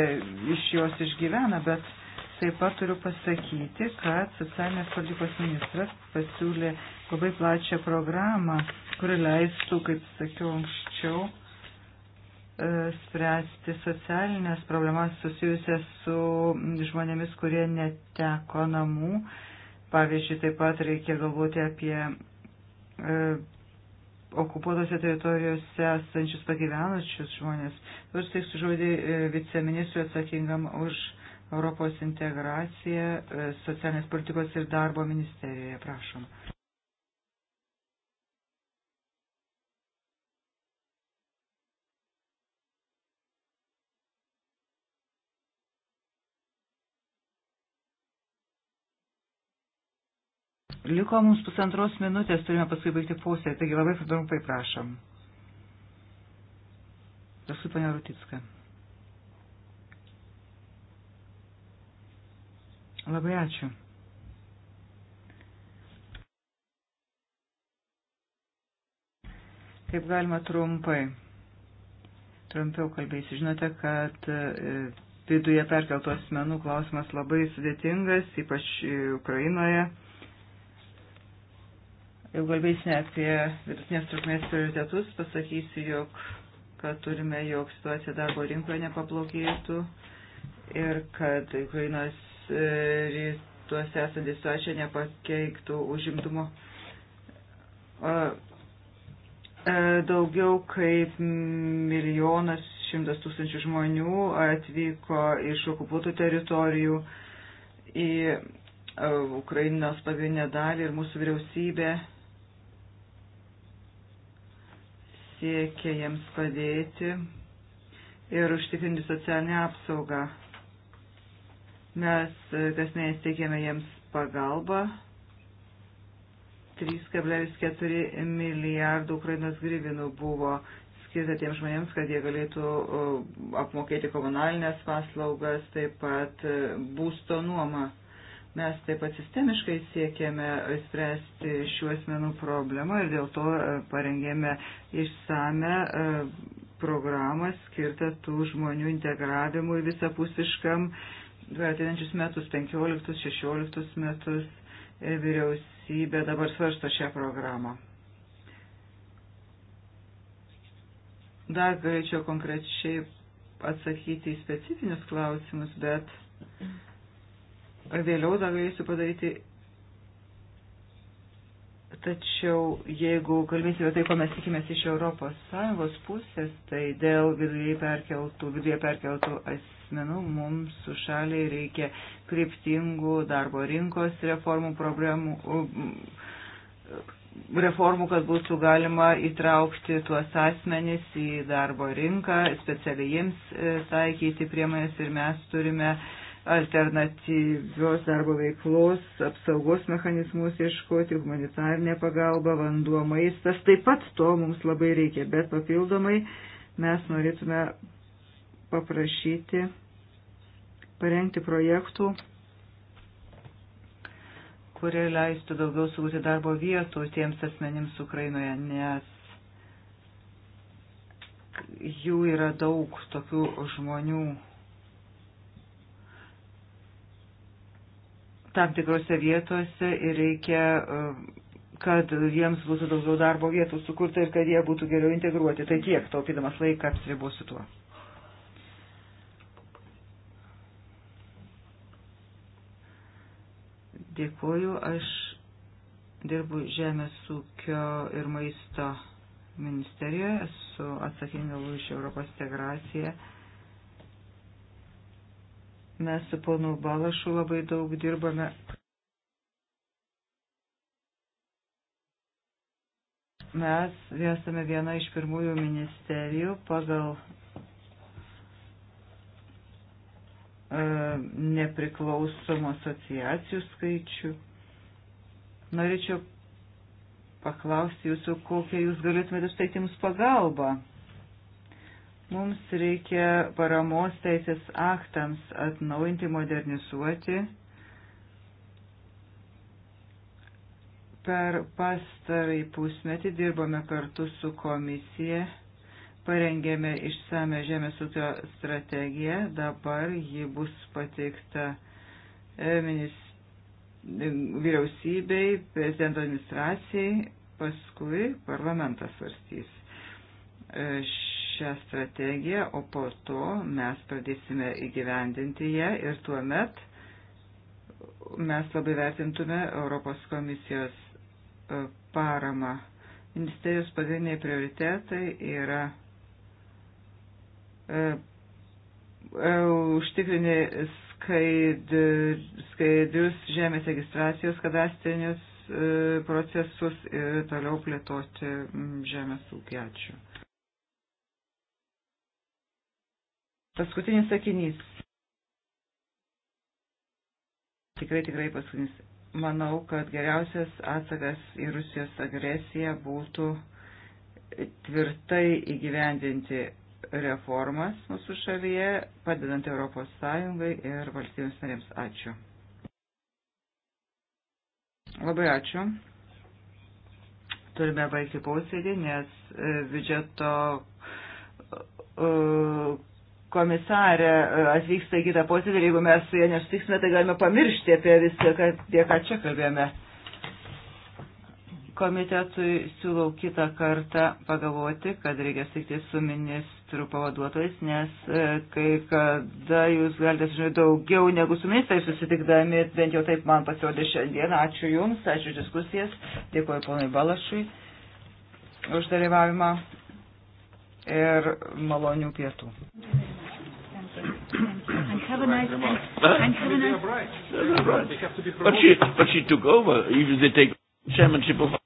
iš jos išgyvena, bet taip pat turiu pasakyti, kad socialinės politikos ministras pasiūlė labai plačią programą, kuri leistų, kaip sakiau anksčiau, E, spręsti socialinės problemas susijusias su žmonėmis, kurie neteko namų. Pavyzdžiui, taip pat reikia galvoti apie e, okupuotose teritorijose esančius pagyvenačius žmonės. Ir tai sužodį e, viceministrui atsakingam už Europos integraciją e, socialinės politikos ir darbo ministerijoje. Prašom. Liko mums pusantros minutės, turime paskui baigti posėdį, taigi labai trumpai prašom. Paskui ponia Ruticka. Labai ačiū. Kaip galima trumpai, trumpiau kalbėsiu. Žinote, kad e, viduje perkeltų asmenų klausimas labai sudėtingas, ypač e, Ukrainoje Jeigu kalbėsime apie vidutinės trukmės prioritetus, pasakysiu, jog kad turime, jog situacija darbo rinkoje nepablogėtų ir kad Ukrainos e, rytuose esanti situacija nepakeiktų užimtumo. E, daugiau kaip milijonas šimtas tūkstančių žmonių atvyko iš okupuotų teritorijų į e, Ukrainos pagrindinę dalį ir mūsų vyriausybė siekia jiems padėti ir užtikrinti socialinę apsaugą. Mes kas mėnesį teikėme jiems pagalbą. 3,4 milijardų Ukrainos gryvinų buvo skirta tiems žmonėms, kad jie galėtų uh, apmokėti komunalinės paslaugas, taip pat uh, būsto nuomą. Mes taip pat sistemiškai siekėme spręsti šių asmenų problemą ir dėl to e, parengėme išsame e, programą skirtą tų žmonių integravimui visapusiškam ateinančius metus, 15-16 metus. E, vyriausybė dabar svarsto šią programą. Dar galėčiau konkrečiai atsakyti į specifinius klausimus, bet vėliau dar galėsiu padaryti. Tačiau jeigu kalbėsime tai, ko mes tikimės iš ES pusės, tai dėl viduje perkeltų, viduje perkeltų asmenų mums su šaliai reikia kryptingų darbo rinkos reformų problemų. Reformų, kad būtų galima įtraukti tuos asmenys į darbo rinką, specialiai jiems e, taikyti priemonės ir mes turime uh, alternatyvios darbo veiklos, apsaugos mechanizmus ieškoti, humanitarinė pagalba, vanduo, maistas. Taip pat to mums labai reikia, bet papildomai mes norėtume paprašyti parengti projektų, kurie leistų daugiau sukurti darbo vietų tiems asmenims Ukrainoje, nes jų yra daug tokių žmonių tam tikrose vietose ir reikia, e, kad jiems būtų daugiau darbo vietų sukurta ir kad jie būtų geriau integruoti. Tai tiek, taupydamas laiką, apsiribosiu tuo. Dėkuoju, aš dirbu Žemės ūkio ir maisto ministerijoje, esu atsakinga už Europos integraciją Mes su ponu Balašu labai daug dirbame. Mes esame viena iš pirmųjų ministerijų pagal e, nepriklausomų asociacijų skaičių. Norėčiau paklausti jūsų, kokią jūs galėtumėte suteikti mums pagalbą Mums reikia paramos teisės aktams atnaujinti, modernizuoti. Per pastarąjį pusmetį dirbome kartu su komisija, parengėme išsame žemės ūkio strategiją, dabar ji bus pateikta e, vyriausybei, prezidento administracijai, paskui parlamentas svarstys e, šią strategiją, o po to mes pradėsime įgyvendinti ją ir tuomet mes labai vertintume Europos komisijos e, paramą. Ministerijos pagrindiniai prioritetai yra e, e, užtikrinė skaidrius žemės registracijos kadastrinius procesus ir toliau plėtoti žemės ūkį. Ačiū. Paskutinis sakinys. Tikrai, tikrai paskutinis. Manau, kad geriausias atsakas į Rusijos agresiją būtų tvirtai įgyvendinti reformas mūsų šalyje, padedant Europos Sąjungai ir valstybėms narėms. Ačiū. Labai ačiū. Turime baigti posėdį, nes e, biudžeto e, komisarė e, atvyksta į kitą posėdį ir jeigu mes su ja nesutiksime, tai galime pamiršti apie viską, kad dėka čia kalbėjome. Komitetui siūlau kitą kartą pagalvoti, kad reikia sutikti su ministrų pavaduotojais, nes e, kai kada jūs galite sužinoti daugiau negu su ministrai susitikdami, bent jau taip man pasirodė šiandien. Ačiū Jums, ačiū diskusijas, dėkuoju ponui Balašui už dalyvavimą ir malonių pietų. And have a nice. And, and have a nice. Right. But she, but she took over. Even they take chairmanship of.